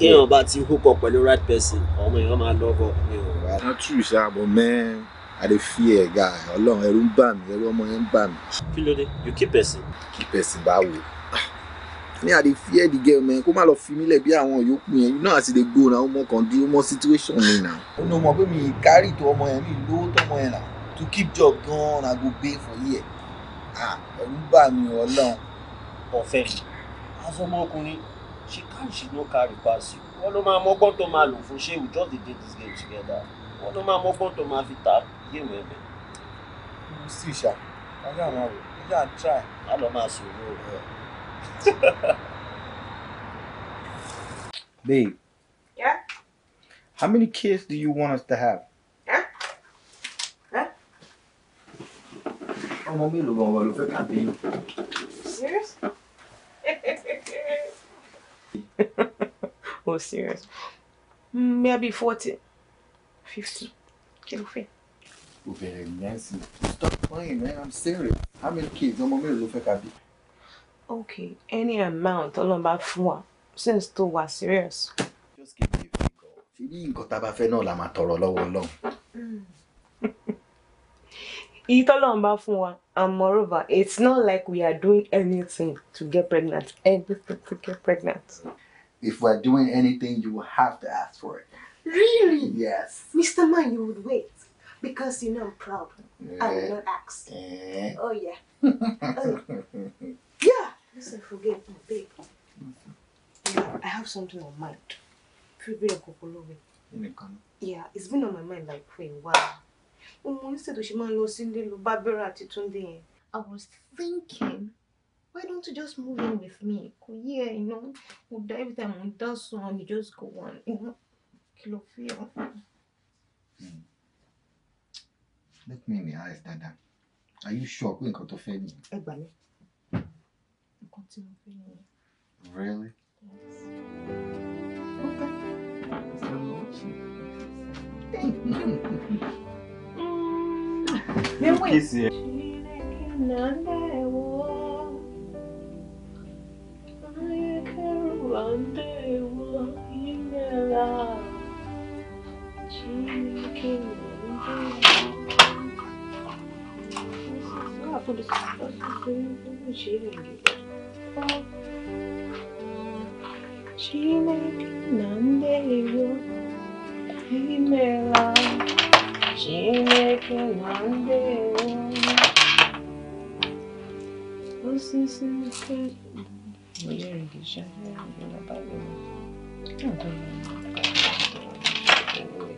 kéèyàn bá ti hook up pẹ̀lú right person ọmọ èèyàn máa love up ni o. na true ṣá but man i dey fear guy ọlọ́run ẹ̀rù ń bà mí ẹ̀rù ọmọ yẹn ń bà mí. kí ló dé you keep person. keep person báwo me i dey fear the girl man kó má lọ fi mí lẹ̀ bí àwọn yòókù yẹn you know as e dey go na ọmọ kan di ọmọ situation mi na. ó ní ọmọ pé mi carry tó ọmọ yẹn mi lówó tọmọ yẹn na to keep job gan-an na go pay for here ẹ̀rù bà mí ọlọ́run. ọ̀fẹ́ mi asọmọkùnrin she can she no carry pass you wọ́n ló máa mọ́gbọ́n tó máa lò fún ṣéwù just dey take this game together wọ́n ló máa mọ́gbọ́n tó máa fi ta géèmù ẹ̀mẹ́. mo sì ṣà ọjà máa wò ọjà try. má lọ máa sọ̀rọ̀ rẹ. Babe. Yeah? How many kids do you want us to have? ọmọ mélòó gan wa ló fẹ́ ká bí. serious. oh serious. Mm, maybe forty fifty kí ló fẹ́. o nancy stop playing man i'm serious how many kids ọmọ mélòó ló fẹ́ ká bí. okay any amount ọlọ́mọba fún wa since tó wà serious. just give me a figure ṣe bí nǹkan tá a bá fẹ́ náà la máa tọrọ lọ́wọ́ ọlọ́run. Mm èyí tọ́lọ́run bá fún and moreover it's not like we are doing anything to get pregnant anything to get pregnant. if we are doing anything you will have to ask for it. really yes. mr man you would wait because you know i'm proud yeah. i will not eh, ask. Yeah. oh yeah. oh yeah. yeah listen forget me babe. Yeah, I have something on mind. Feel bit of kokolo. Yeah, it's been on my mind like for a while o mọ instead o ṣe máa ń lọ sílé lu bábẹ́rẹ́ àti túndé yẹn. I was thinking why don't you just move in with me kò yí ẹ iná mo dá every time mo dá sun and you just go on kí ló fi ọ. Hmm. look me in the eyes dada are you sure pé nǹkan tó fẹ́ ni. ẹ gbà mí nǹkan tí mo fẹ́ nìyẹn. really. Yes. okay. So, thank you. 你没意思耶。啊，我得收拾收拾，我得整理一下。啊，亲爱的，难道我已没了？Jamaican Monday. We're in the shadow of the Bible. I don't know.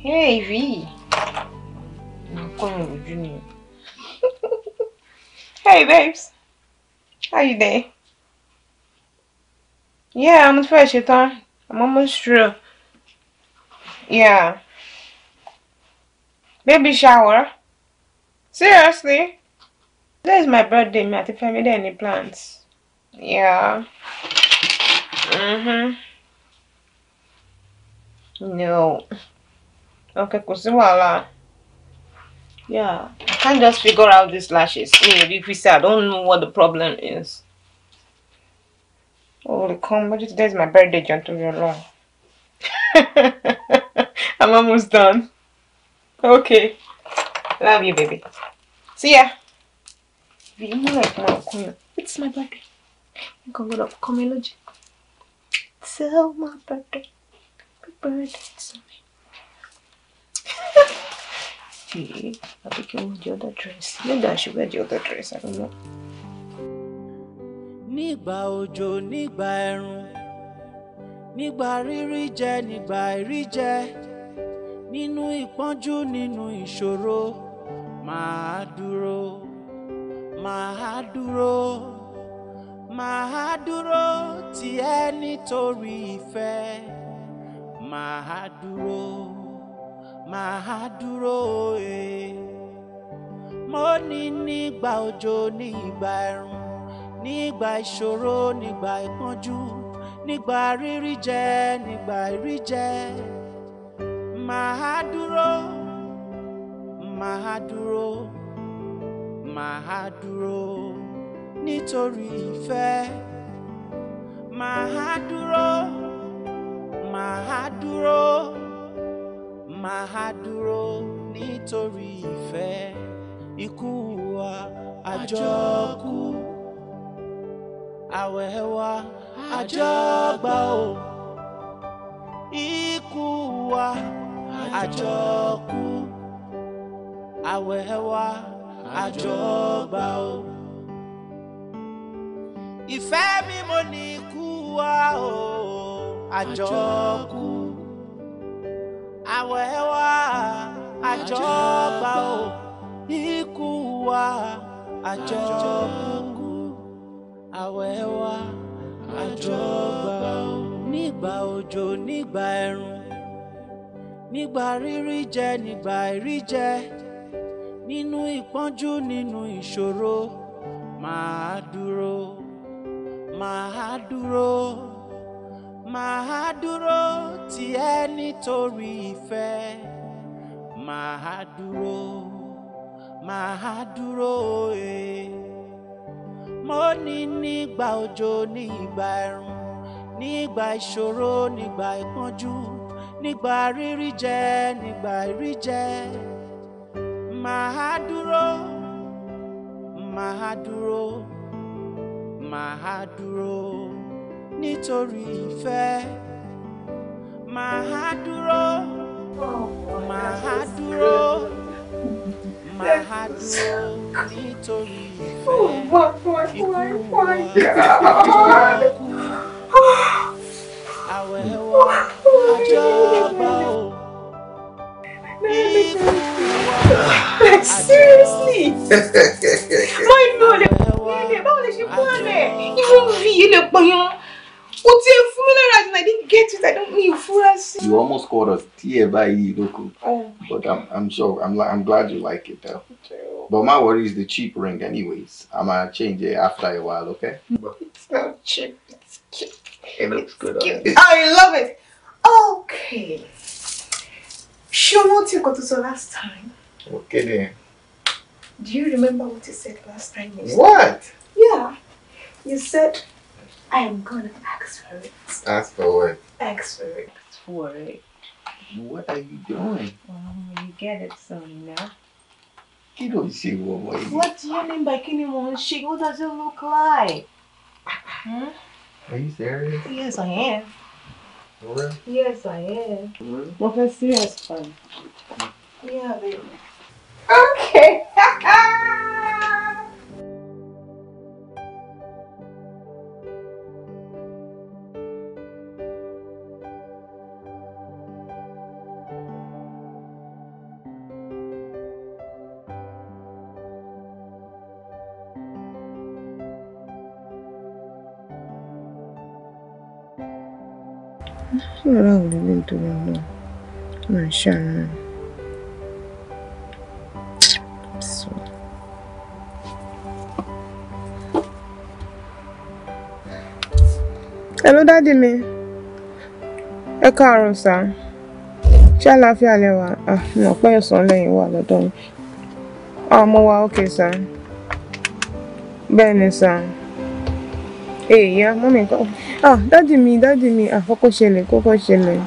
hey, V. I'm calling you Junior. hey, babes. How you there? Yeah, I'm fresh, you thought. I'm almost through. Yeah. Baby shower? Seriously? Today is my birthday, mi àti Fẹ́mi dẹ̀ Any plans. Yeah. Mm-hmm. No. Okay, kò sí wàhálà. Yeah, I can't just figure out these lashes. Maybe if we say I don't know what the problem is. Holy oh, come, today is my birthday, John, to I'm almost done. Okay. Love you, baby. See ya. you like more corner, it's my birthday. I'm gonna go to Comelogy. Tell my birthday. Happy birthday to me. yeah, I think you want the other dress. Maybe I should wear the other dress. I don't know. Nígbà òjò nígbà ẹ̀rùn nígbà rírí jẹ nígbà ìrí jẹ nínú ìpọ́njú nínú ìṣòro màá dúró màá dúró màá dúró tì ẹ́ nítorí ìfẹ́ màá dúró màá dúró ee mo ní nígbà òjò ní ìgbà ẹ̀rùn nígbà ìṣòro nígbà ìpọ́njú nígbà rírí jẹ nígbà ìrí jẹ. ma ha dúró ma dúró ma dúró nítorí ìfẹ́ ma ha dúró ma dúró ma dúró nítorí ìfẹ́ ikú wa àjọkú àwẹ̀ wa àjọgbà o ikú wa. àjọkù àwẹ̀ wa o. ìfẹ́ mi mo ní ikú wa o àjọkù àwẹ̀ wa àjọgbà o ikú wa àjọkù àwẹ̀ wa o nígbà òjò nígbà ẹ̀rùn nígbà rírí jẹ nígbà ìrí jẹ nínú ìpọ́njú nínú ìṣòro màá dúró màá dúró màá dúró tì ẹ́ nítorí ìfẹ́ màá dúró màá dúró e mo ní nígbà òjò ní ìgbà ẹ̀rùn nígbà ìṣòro nígbà ìpọ́njú. E nígbà rírí jẹ nígbà rírí jẹ màá dúró màá dúró màá dúró nítorí ìfẹ́ màá dúró màá dúró màá dúró nítorí ìfẹ́ ikú ikú. Like seriously, My blowing. Báwo lè ṣe kú You Irú fi yìí lè pọ̀yàn. O ti ẹ fún mi I didn't get it. I don't mean fúra sí. You almost called us díẹ̀ báyìí lóko. But I'm, I'm sure I'm, I'm glad you like it though. But my worry is the cheap ring anyways. I'm gonna change it after a while, okay? It's not cheap, it's cute. It looks good I love it. Okay. Show what you got to say last time. Okay then. Do you remember what you said last time? What? Yeah. You said, I am gonna ask for it. Ask for what? Ask for it. Ask for it. What are you doing? Well, you get it, so you know. You don't see what What do you mean by Kinemon Shake? What does it look like? Hmm? Are you serious? Yes, I am. For real? Yes, I am. For real? Well, let's see that's fun. Yeah, baby. Okay. nítorí ọlọ́run máa ń ṣàánú so. hello dáàdì mi ẹ káàárọ̀ sá ṣé àlàáfíà lẹ wà ah, mo pẹ́ ọ̀sán lẹ́yìn wà lọ́dọ̀ mi ah, mo wà ókè sá bẹ́ẹ̀ ni sá èèyàn mọ́mí kan dáàdì mi dáàdì mi àkọ́kọ́ ah, ṣẹlẹ̀ kọ́kọ́ ṣẹlẹ̀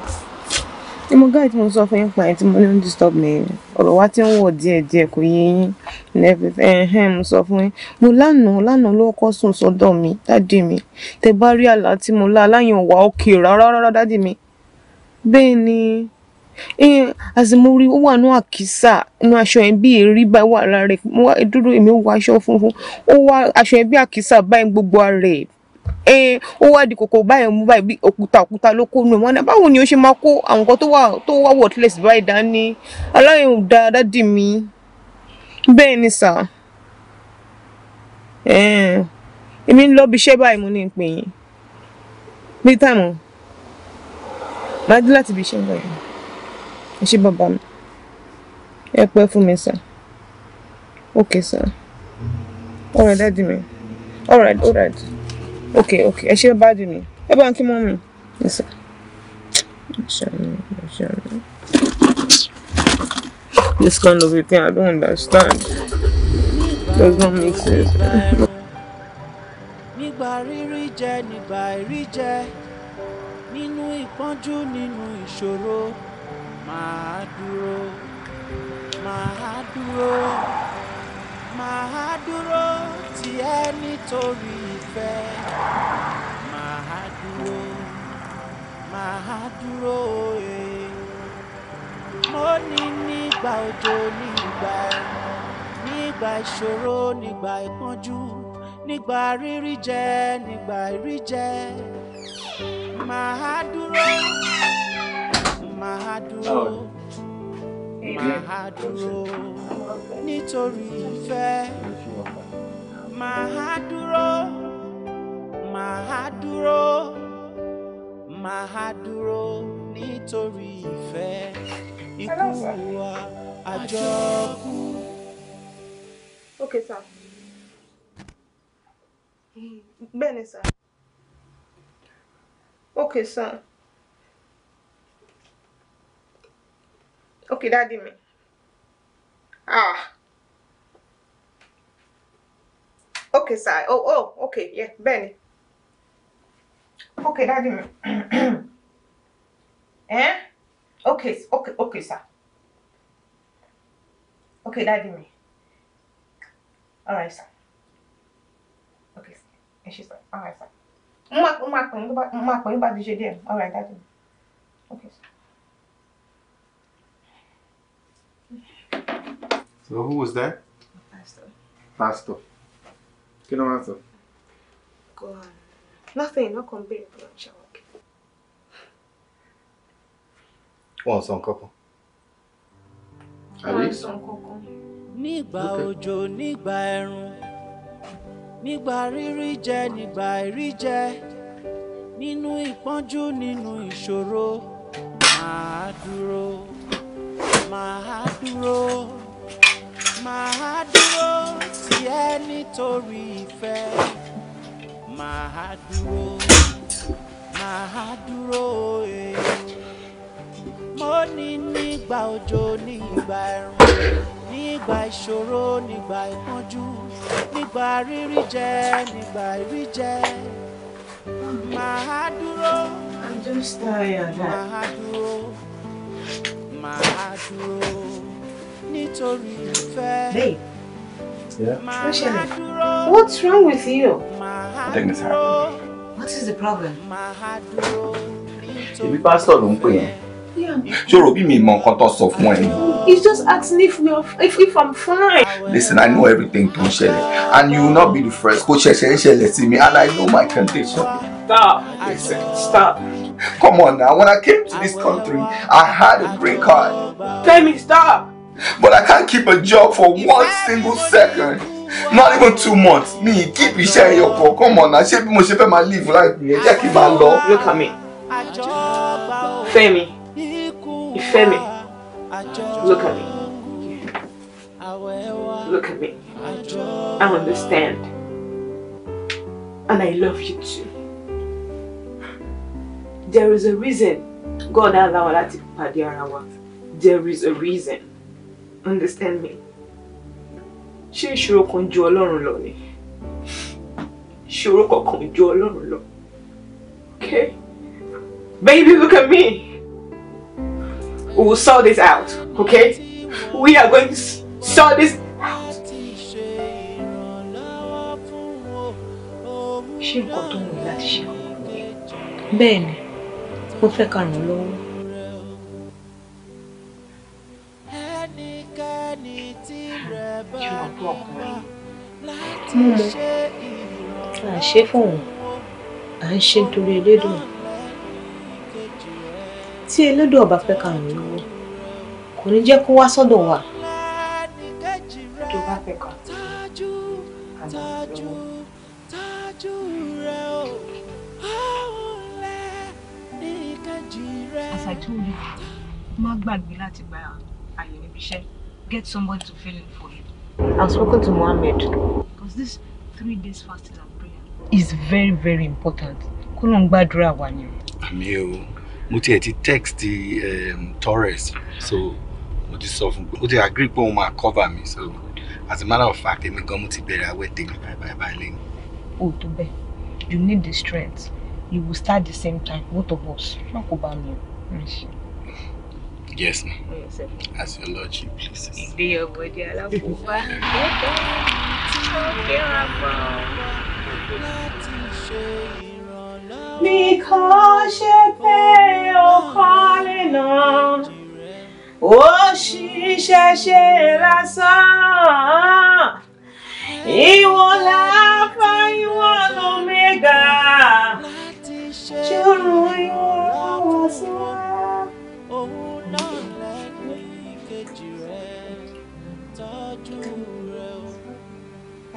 ni mo gáì tí mo sọ fún yín pa ẹ̀ tí mo ní ń disturb mi ọ̀rọ̀ wa ti ń wọ̀ díẹ̀ díẹ̀ kò yé yín ẹ̀hẹ́n mo sọ fún yín mo lánàá lánàá ló kọ́ sùn sọ́dọ̀ mi dádì mi tẹ bá rí àlá tí mo lá aláyàn wà òkè rárá rárá dádì mi bẹ́ẹ̀ ni àti mo rí ó wà ní àkísà inú aṣọ yẹn bí èrí bá wà lára rẹ̀ dúró èmi wọ aṣọ funfun ó wà aṣọ yẹn bí àkísà báyìí gbogbo ara rẹ̀ ẹn ó wá di kòkò báyìí mú báyìí bí òkúta òkúta ló kó nù wọn náà báwo ni ó ṣe máa kó àwọn nǹkan tó wà tó wà worthless báyìí dání aláìhùn dáadáa dì mí bẹ́ẹ̀ ni sà èmi ń lọ bí iṣẹ́ báyìí mo ní ìpè yín bí táìmù máa dé láti bí iṣẹ́ báyìí ẹ ṣé bàbá mi ẹ pẹ́ fún mi sà okay sà all right mi all right all ok ok ẹ ṣe báàdì mi ẹ bá ń kí mọ́ mi. This kind of a thing I don't understand. Does not make sense. Nígbà rírí jẹ nígbà ìrí jẹ nínú ìpọ́njú nínú ìṣòro màá dúró màá dúró màá dúró tì ẹ́ nítorí fẹ́ màá dúró màá dúró e mo ní nígbà òjò nígbà nígbà ìṣòro nígbà ìpọ́njú nígbà rírí jẹ nígbà rírí jẹ màá dúró màá dúró màá dúró nítorí ìfẹ́ màá dúró máa dúró máa dúró nítorí ìfẹ́ ikú wa àjọkú. Okay, sir. Bẹ́ẹ̀ sir. Okay, sir. Okay, daddy mi. Ah. Okay, sir. Oh, oh, okay, yeah, bẹ́ẹ̀ Okay, daddy. eh? Okay, okay, okay, sir. Okay, daddy me. Alright, sir. Okay, sir. And she's like, alright, sir. Mark, Mark, Mark, Mark, Mark, DJ there. Alright, daddy. Okay, So who was that? Pastor. Pastor. Get on, Pastor. Go Nothing. náà kàn ń béèrè bọ́lá ń ṣàwọn kí. wọn sọ nǹkan kan. wọn sọ nǹkan kan. nígbà òjò nígbà ẹ̀rùn nígbà rírí jẹ nígbà ìrí jẹ nínú ìpọ́njú nínú ìṣòro màá dúró màá dúró màá dúró tì ẹ́ nítorí ìfẹ́ máa dúró máa dúró ee eh. mo ní nígbà òjò nígbà ẹ̀rùn nígbà ìṣòro nígbà ìpọ́njú nígbà rírí jẹ nígbà rírí jẹ máa dúró máa dúró máa dúró nítorí ìfẹ́. Yeah? Rachel, what's wrong with you? I think it's happening. What is the problem? If pastor ló all pè yẹn. Ṣòro bí mi mọ nǹkan tó sọ fún He's just asking if we are, if, if I'm fine. Listen, I know everything tó ń and you will not be the first kó ṣẹ̀ṣẹ̀ ṣẹlẹ̀ sí me, and I know my condition. Stop, listen, stop. Come on now, when I came to this country, I had a green card. Tell me, stop. But I can't keep a job for one single second. Not even two months. Me, keep you sharing your call. Come on, I Ṣé bí mo my fẹ́ life mi. Jẹ́ kí my máa Look at me. Fẹ́mi. Fẹ́mi. Look at me. Look at me. I understand. And I love you too. There is a reason God allow láti pàdé ara wa. There is a reason understand me ṣé ìṣòro kan ju ọlọ́run lọ ni ìṣòro kankan ju ọlọ́run lọ okay baby look at me we will sort this out okay we are going to sort this out. ṣé nǹkan tó ń wù láti ṣe àwọn ọmọ yẹn. bẹ́ẹ̀ ni mo fẹ́ ká ràn án lọ́wọ́. à ń ṣe fóun à ń ṣe nítorí elédùn tí elédùn ọba fẹ́ ká ràn lọ́wọ́ kò ní jẹ́ kó wá sọ́dọ̀ wa tó bá fẹ́ kàn As I told you, má gbàgbé láti gba àyè níbi iṣẹ́. Get somebody to fill in for you. I've spoken to Mohammed. Because this three days fasting and prayer is very, very important. Kúlọ̀n gbàdúrà wà ni. Àmì o, mo tiẹ̀ ti text um, Torres so muti ti sọ agree pé òun cover me. so as a matter of fact I'm going mo ti bẹ̀rẹ̀ awẹ́ bye bye báyìí báyìí lẹ́yìn. O you need the strength. You will start the same time, both of us. Má kó bá mi o. Yes, ma'am. Oh, yes, As your lordship pleases. Ìgbé ọ̀bọ̀ di aláfọwá. Because ṣe pay your calling, náà, ó ṣiṣẹ́ ṣe lásán. Ìwọ láfa ìwọ lómega, ṣòro ìwọ wá sí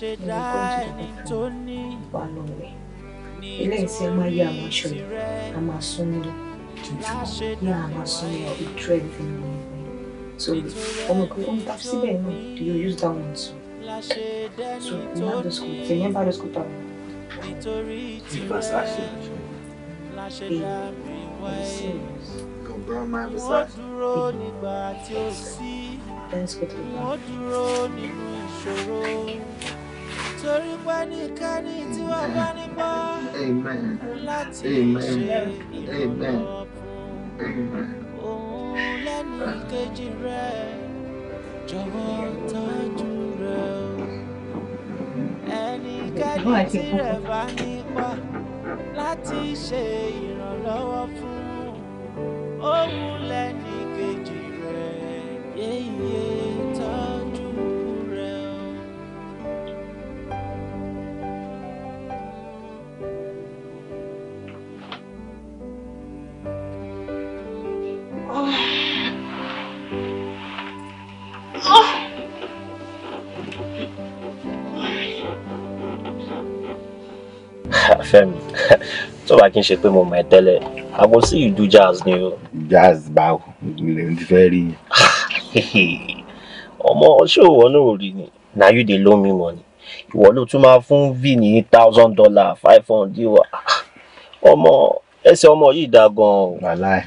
ṣe dá ẹni tó ní eléyìí máa yẹ àwọn aṣọ yìí a máa sún mọ́ ní àwọn sún mọ́ the dread thing wọ́n so ọmọ pé ó ń tà síbẹ̀ náà do you use that one too so you know the school the member the school power. Because actually, baby, I'm serious. Don't burn my massage. Baby, let's go to the bathroom torí pé nìkẹ́ni tí wọ́n bá ní bọ́ láti ṣe ìrànlọ́wọ́ òun lẹ́nu kejì rẹ̀ jọ̀wọ́ tọ́jú rẹ̀ ẹnikẹ́ni tí rẹ̀ bá nípa láti ṣe ìrànlọ́wọ́ fún òun olólùfẹ́ mi tó bá kí n ṣe pé mo mọ̀ ẹ́ tẹ́lẹ̀ I go see you do jazz ni o. jazz báwo ilé ń fẹ́ rí yẹn. ọmọ ṣòwò náà ò rí ni na you dey loan me money ìwọ ló tún máa fún v ní thousand dollar five hundred wa ọmọ ẹsẹ̀ ọmọ yìí dá gan-an. wàláì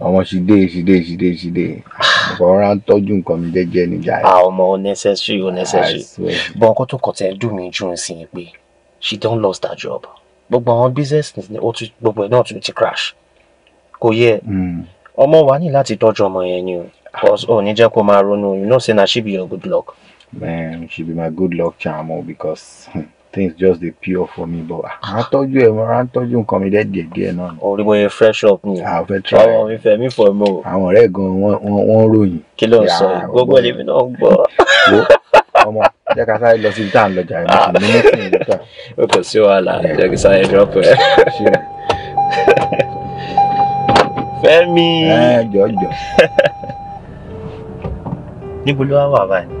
ọmọ ṣìdé ṣìdé ṣìdé ṣìdé ọ̀rá ń tọ́jú nǹkan mi jẹ́jẹ́ níjà. àwọn ah, ọmọ unnecessary unnecessary bọ́n kó tó kọ̀ tẹ́ dùn mí jù sí i pé she don lost her job gbogbo àwọn business ni ó ti gbogbo ẹ̀ náà tún ti crash kò yẹ hmm. ọmọ wa ní láti tọ́jú ọmọ yẹn ni o cause ò ní jẹ́ kó máa ronú you know say na she be your good luck. Man, she be my good luck charm o because things just dey pure for me but ah, à ń tọ́jú ẹ̀ wọ́n á ń tọ́jú nǹkan mi díẹ̀ díẹ̀ náà. orí bóyá fresh up ni ah, ọmọ mi fẹ́ mi fọ mi o. àwọn ọ̀rẹ́ gan-an wọ́n ròyìn. kí ló ń sọ gbogbo ẹ̀mí náà ń gbọ́. ọmọ jẹ́ ká sáré lọ sí Ah, à ń lọ jà ìmọ̀ sí ní mẹ́tì ìlú ká. o kò sí wàhálà jẹ́ kí sáré drop ẹ̀. Fẹ́mi. ẹ jọjọ. níbo ló wá wà báyìí.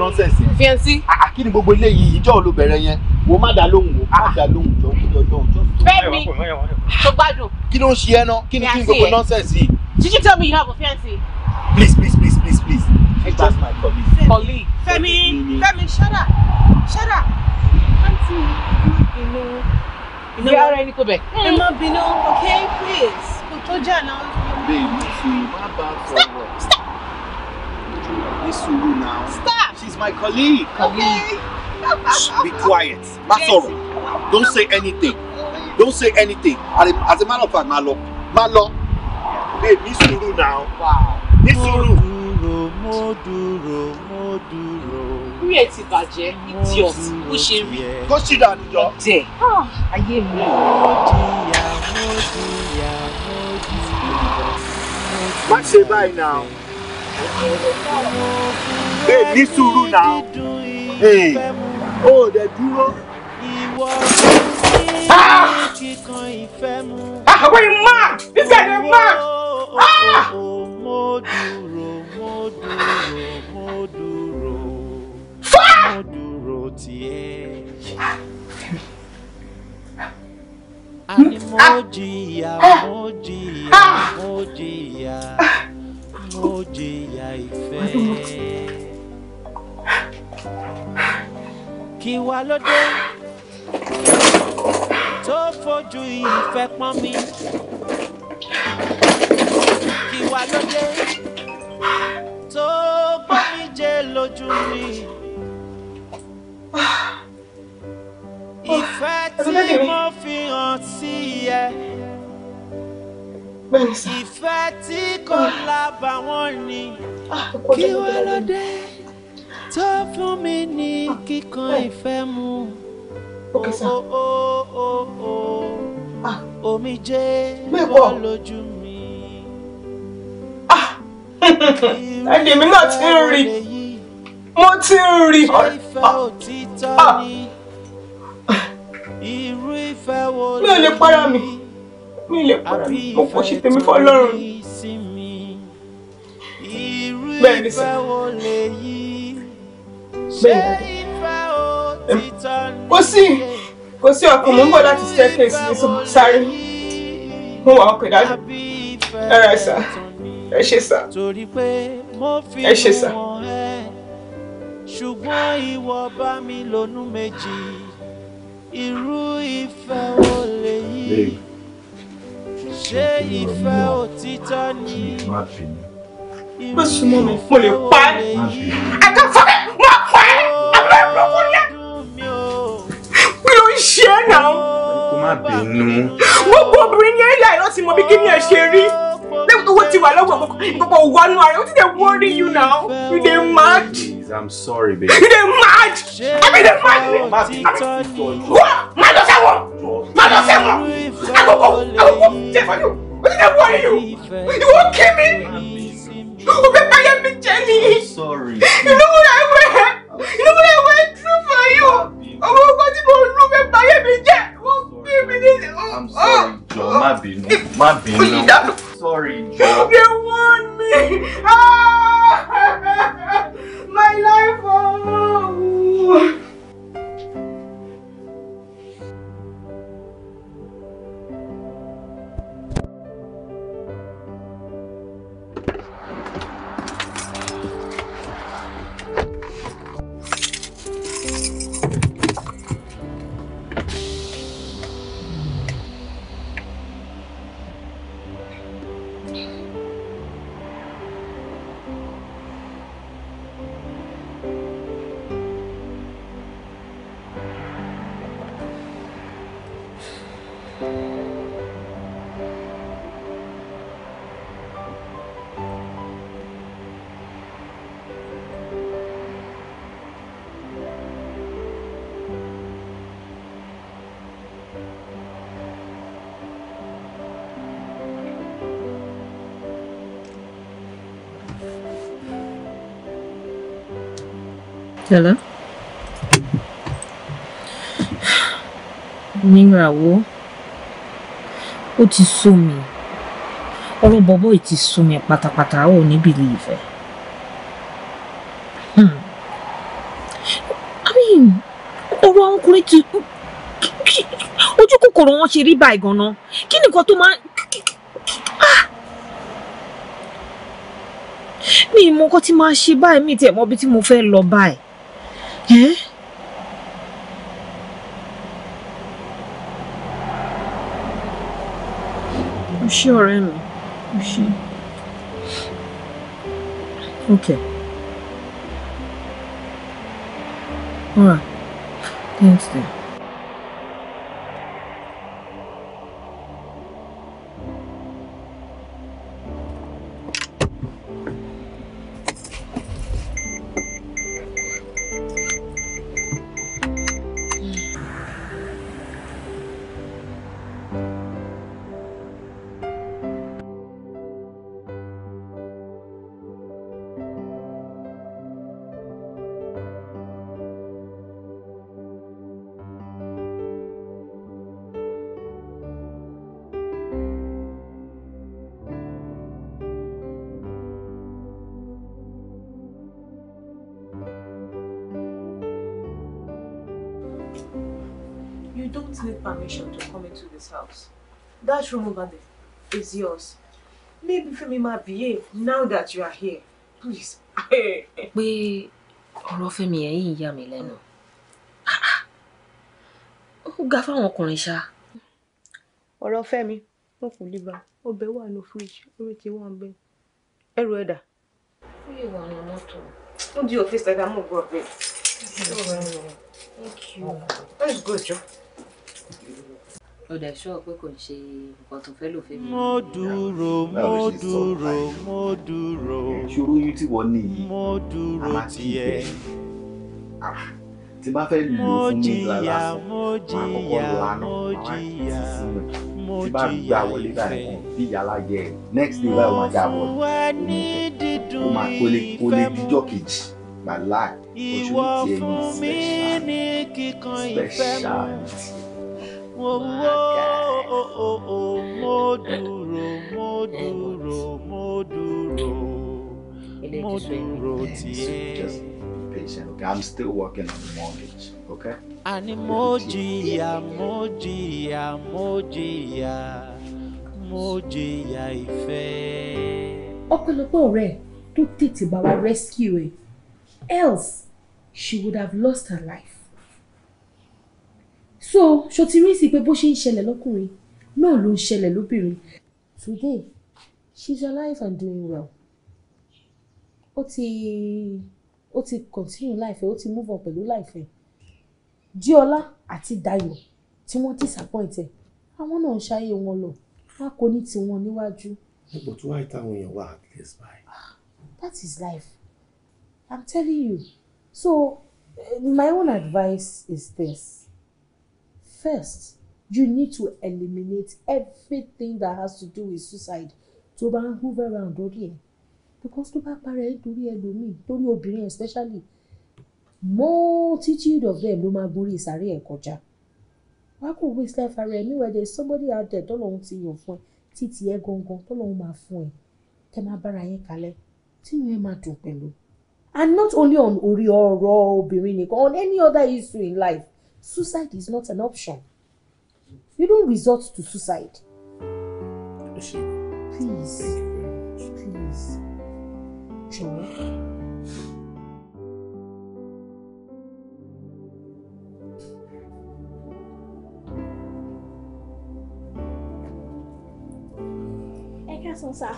nọ́sẹ̀sì. fiẹ́nsì. Ah, ah, kí ni gbogbo eléyìí ìjọ ló bẹ̀rẹ̀ yẹn wo má dá lóhùn wo má ah. dá lóhùn jọ jọ jọ jọ. Fẹ́mi tó gbádùn. kí ló ń ṣe ẹ náà kí ni kí ni gbogbo nọ́sẹ̀sì. Did you tell me you have a fiancé? please please please please please please that's my colleague. colleague. Fẹ́mi Fẹ́mi shut up shut up. aunty inú inú yàrá ẹni kò bẹ. Hmm. ẹ má bínú okay please kò tó jà náà. bẹ́ẹ̀ ni sùúrù má bá a sọ̀rọ̀ ní sùúrù náà my colleague. Colleague. Okay. Be quiet. Masoro, sọ̀rọ̀. Don't say anything. Don't say anything. As a matter of fact, Malo. Malo. Má lọ. Babe, ní now. Wow. Ní sùúrù. Mo dúró, mo dúró. Orí ẹ̀ ti bàjẹ́, idiot, bó ṣe rí. Tó ṣì dànù jọ. Dẹ̀, ayé mi. Mo jìyà, mo jìyà, mo jìyà. Má ṣe ẹ ní sùúrù náà ó dẹ dúró. Ah, were you mad? This guy is mad! Ah! Fuck! Ani mo jìyà, mo jìyà, mo jìyà, mo jìyà ìfẹ́ kí wá ló dé tó fojú ìfẹ́ pọ́n mi kí wá ló dé tó gbọ́ mi jẹ́ lójú mi. Ìfẹ́ tí mo fi hàn sí ẹ. Ìfẹ́ tí kò ah. lábàwọ́n ni ah, kí wá ló dé tó fún mi ní ah, kíkan ah. ìfẹ́ mu oh, oh, oh, ah. omi jẹ́ wọ́n lójú mi. ẹni mi náà ti ń rí mo ti ń rí. ìfẹ́ òtítọ́ ni irú ìfẹ́ wo lè rí. mi ò lè para mi mi lè para mi mo kò ṣe tèmi fọlọ́run bẹ́ẹ̀ ni sẹ́ kò sí kò sí ọkàn mò ń bọ̀ láti staircase ní sáré mo wà ọkọ̀ ìdájọ́ ẹ ra ẹ sá ẹ ṣe sá ẹ ṣe sá ṣùgbọ́n ìwọ bá mi lónú méjì irú ìfẹ́ ò lè yí ṣé ìfẹ́ òtítọ́ ni má sún mọ́ mi mo lè pa ẹ́ àtàfẹ́ mo pa ẹ́ àbúrò ìgbòho ni ẹ́ mi ò ń ṣe é náà. kó má bínú. gbogbo obìnrin ní ẹ̀yà ìran ti mọ bí kí ni ẹ ṣe rí lẹ́yìn tó wọ́n ti wà lọ́wọ́ gbogbo ìwọ́nú ara ó ti dẹ̀ worry you now you dey mad. I'm sorry babe. you dey mad. àbí dey mad. wọ́n má lọ sẹ́wọ̀n má lọ sẹ́wọ̀n àkókò àkókò jẹ́ fọ́nù ó ti dẹ̀ worry you you won't kill me. You prepared me, I'm sorry. You know what I wear? You know what I wear true for you? Ọmọ ọgbọ́n tí mo rú mi báyé mi jẹ́. Wọ́n gbé mi ní. I'm sorry, Jọ, má bínú, má bínú. Oyin dànù. Hello? Oníràwọ̀, ó ti sú mi. Ọ̀rọ̀ bọ̀bọ́ yìí ti sú mi pátápátá, ó ní believe ẹ̀. Hmm. I mean, ọ̀rọ̀ àwọn ọkùnrin ti ojú kòkòrò wọn ṣe rí báyìí gan-an. Kí nìkan tó máa ah! mi mọ kọ́ tí máa ṣe báyìí mi tiẹ̀ mọ ibi tí mo fẹ́ lọ báyìí. ṣé ọ̀rẹ́ You o ṣe okay all right thanks dear. always need permission to come into this house. That room over there is yours. Maybe for me, my behave now that you are here. Please. We ọ̀rọ̀ Fẹ́mi me yà mí lẹ́nu. Ah, ah. Ó ga fáwọn ọkùnrin ṣá. Ọ̀rọ̀ Fẹ́mi, wọn kò lè bá ọbẹ̀ wà ní fíríjì, orí ti wà ń bẹ̀. Ẹrù ẹ̀dà. Ó yẹ wà ní mọ́tò. Ó di òfin ṣẹ̀dá mú Thank you. That's good, Joe o dẹ̀ ṣọ́ pé kò ń ṣe nǹkan tó fẹ́ lò fẹ́ mi. mo dúró mo dúró mo dúró. ìṣòro yín tí wọ́n ní yìí a máa ah, tí bá fẹ́ lò fún mi lásán máa kọ́kọ́ lọ àná máa ti sinmi tí bá gbà wọlé báyìí bí yàrá yẹ next day báyìí wọ́n já wọlé ó máa kólé kólé díjọ́ kejì màláì ojú ti ẹ̀yìn special special mo wó o mo dúró mo dúró mo dúró mo dúró tiẹ̀. Okay, I'm still working on the mortgage, okay? Àní mo jìyà, mo jìyà, mo jìyà, mo tó tètè bá wa rescue ẹ̀, else she would have lost her life so ṣòtí rí sí pé bó ṣe ń ṣẹlẹ̀ lọ́kùnrin náà ló ń ṣẹlẹ̀ lóbìnrin. today she's alive and doing well ó ti ó ti continue life ẹ ó ti move on pẹ̀lú life ẹ Jíọlá àti Dayọ̀ tí wọ́n disappoint ẹ àwọn náà ń ṣayé wọn lọ wọn kò ní tiwọn níwájú. ipò tí wàá ìtàwọn èèyàn wà at least by. Ah, that is life i'm telling you so my own advice is this first you need to eliminate everything that has to do with suicide tó bá ń hoover around lórí ẹ̀ because tó bá para ẹ̀ nítorí ẹlòmíì lórí obìnrin especially multitude of them ló máa borí ìsàrí ẹ̀ kọjá wàá kò wí sílẹ̀ fara ẹ̀ níwẹ̀ there somebody out there tọ́lọ́hún ti yàn fún ẹ títí ẹ gangan tọ́lọ́hún máa fún ẹ tẹ́ máa bára yín kalẹ̀ tínú ẹ máa dùn pẹ̀lú and not only on orí ọ̀rọ̀ obìnrin nìkan on any other issue in life suicide is not an option. You don't resort to suicide. Please. Please. Joe. Ẹ káàsán sà.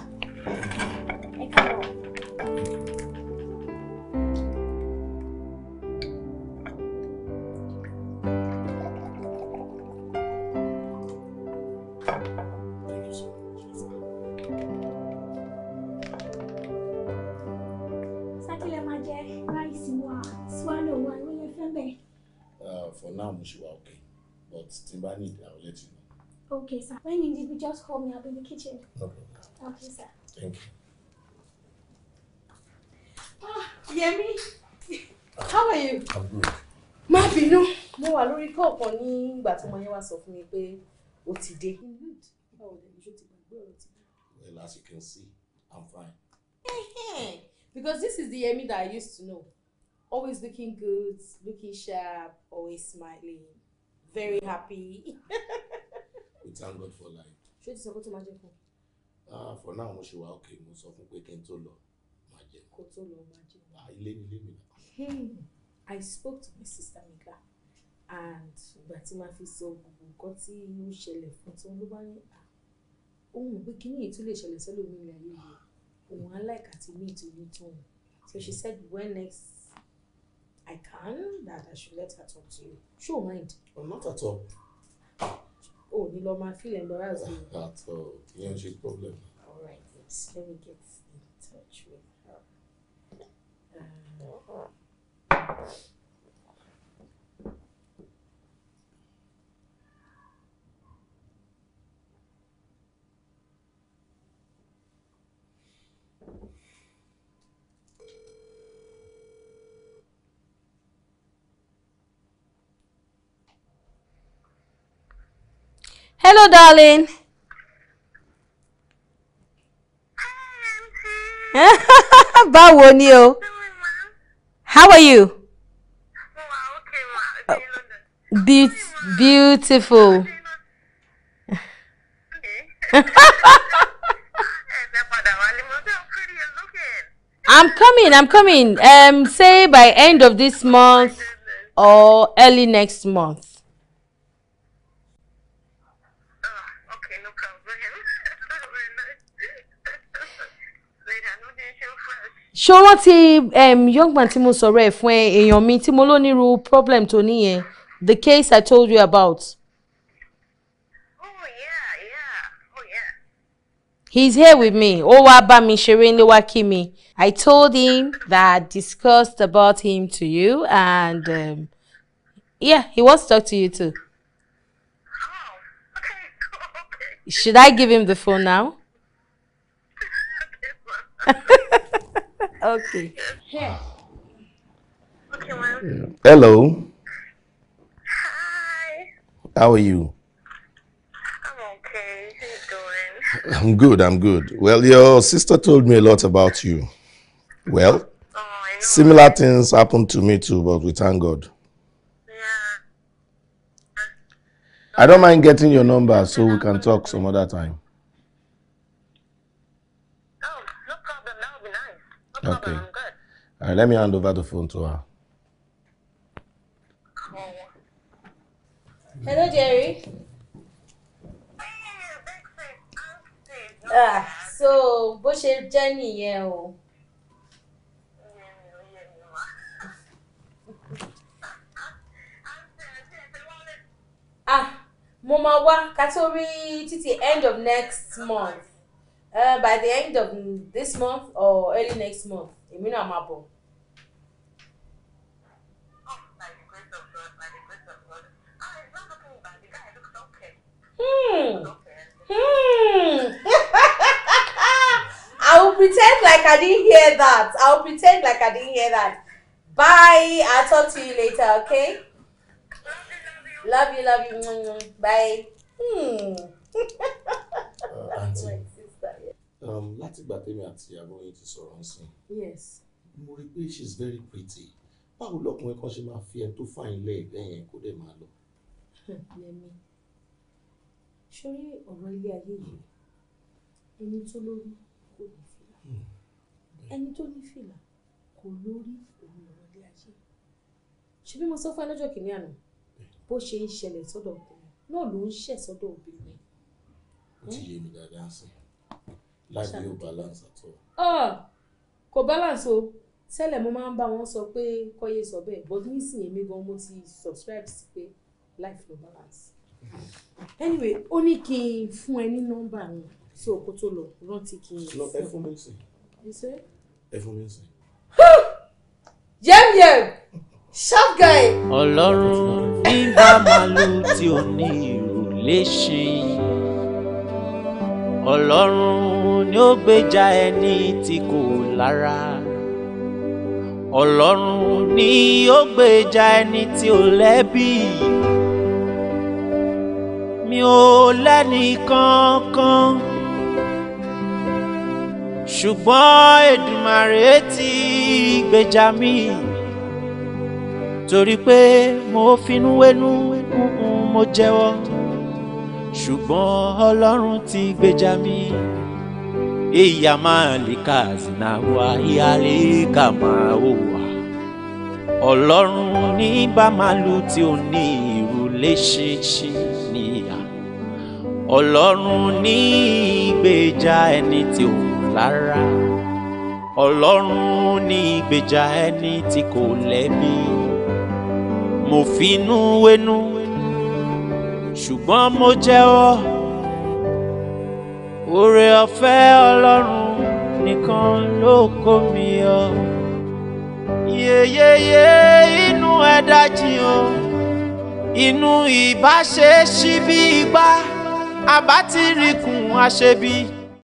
Ẹ Okay, sir. When you need me, just call me. I'll be in the kitchen. Okay. Okay, sir. Thank you. Ah, Yemi. Ah, How are you? I'm good. Má bínú. Mo wà lórí call kan ní ìgbà tí mo yẹn wá sọ fún mi pé ó ti dé. Well, as you can see, I'm fine. Because this is the Yemi that I used to know. Always looking good, looking sharp, always smiling, very happy. we thank God for life. ṣé o ti sọ pé tó máa jẹ fún. Ah, for now mo ṣe wà ok mo sọ fún pé kí n tó lọ máa jẹ. kó tó lọ máa jẹ. Ah, ilé mi ilé mi náà. I spoke to my sister Mika and ìgbà tí màá fi sọ gbogbo nǹkan tí ó ṣẹlẹ̀ fún tí wọ́n ló bá ní à ah, ohun pé kí ni èyí tó lè ṣẹlẹ̀ sẹ́lòmíì ilẹ̀ ayé yìí òun aláìka ti ní ìtòlú tóun so she said when next I can that I should let her talk to you she mind. Well, oh, not at all ò ní lọ máa feel embarrassed. That's all ìyẹn ṣe problem. all right let me get in touch with her. Uh, Hello, darling. Báwo ni o? How are you? Uh, be beautiful. I'm coming, I'm coming. Um, say by end of this month or early next month. ṣé o rántí um, young man tí mo sọ̀rọ̀ ẹ̀ fún èèyàn mi tí mo ló problem tó níyẹn the case I told you about. Oh, yeah, yeah. Oh, yeah. He's here with me. Oh wá bá mi ṣeré nílé mi. I told him that I discussed about him to you and um, yeah, he wants to talk to you too. Oh, okay, okay. Should I give him the phone now? Okay. Yeah. Hello. Hi. How are you? I'm okay. How you doing? I'm good. I'm good. Well, your sister told me a lot about you. Well, oh, similar things happened to me too, but we thank God. Yeah. I don't mind getting your number so we can talk some other time. No okay. Problem, All right, let me hand over the phone to her. Cool. Hello, Jerry. Ah, so bó ṣe jẹ́ nìyẹn Ah, mo máa Titi, end of next month uh, by the end of this month or early next month èmi náà máa bọ̀. Hmm. Hmm. I will pretend like I didn't hear that. I will pretend like I didn't hear that. Bye. I'll talk to you later, okay? Love you, love you. Love you. Bye. Hmm. Um, látìgbà tèmi àti ìyàwó yín ti sọ̀rọ̀ ń sìn. yes. mo rí i pé she is very pretty báwo lọkùnrin kan ṣe máa fi ẹni tó fàyín lẹ́ẹ̀dẹ́ yẹn kó dẹ̀ máa lọ. lẹ́mi sórí ọ̀rọ̀ ilé ayé yìí ẹni tó lórí kò ní fìlà hmm. ẹni tó ní fìlà kò lórí òun ọ̀rọ̀ ilé ayé ṣebí mo sọ fún ẹ lọ́jọ́ kìíní àná bó ṣe ń ṣẹlẹ̀ sọ́dọ̀ ọkùnrin náà ló ń ṣẹ̀ sọ́dọ̀ obìnrin. ó ti yé mi dáadáa sí i life no balance at all. ah kò balance o tẹ́lẹ̀ mo máa ń bá wọn sọ pé kọ́yé sọ bẹ́ẹ̀ but nísìnyí èmi gan mo ti subscribe sí pé life no balance. anyway ó ní kí n fún ẹ ní nọ́mbà mi sí òkú tó lọ rántí kí n. lọ ẹ fún mi sìn. ẹ fún mi sìn. yẹ́myẹ́m sharp guy. ọlọ́run nígbà màlúù tí ò ní ìrù lè ṣe ọlọ́run ni ó gbèjà ẹni tí kò lára ọlọ́run ni ó gbèjà ẹni tí ò lẹ́bi mi ò lẹ́ni kankan ṣùgbọ́n Èdùmàrè ti gbèjà mi torí pé mo finú wénú mo jẹ́wọ́ ṣùgbọ́n ọlọ́run ti gbèjà mi eyamalikazi nawa iyalikamaowa ọlọ́run ní bàmálù tí ó ní irú léṣinṣin níyà ọlọ́run ní ìgbèjà ẹni tí ó lára ọlọ́run ní ìgbèjà ẹni tí kò lẹ́bi mo finú wénú ṣùgbọ́n mo jẹ́wọ́. Oore ọ̀fẹ́ Ọlọ́run nìkan ló kó mi yọ. Yeyeye inú ẹ dájì o, inú ìbáṣe ṣí bí igbá, àbá ti rí kùn àṣebí.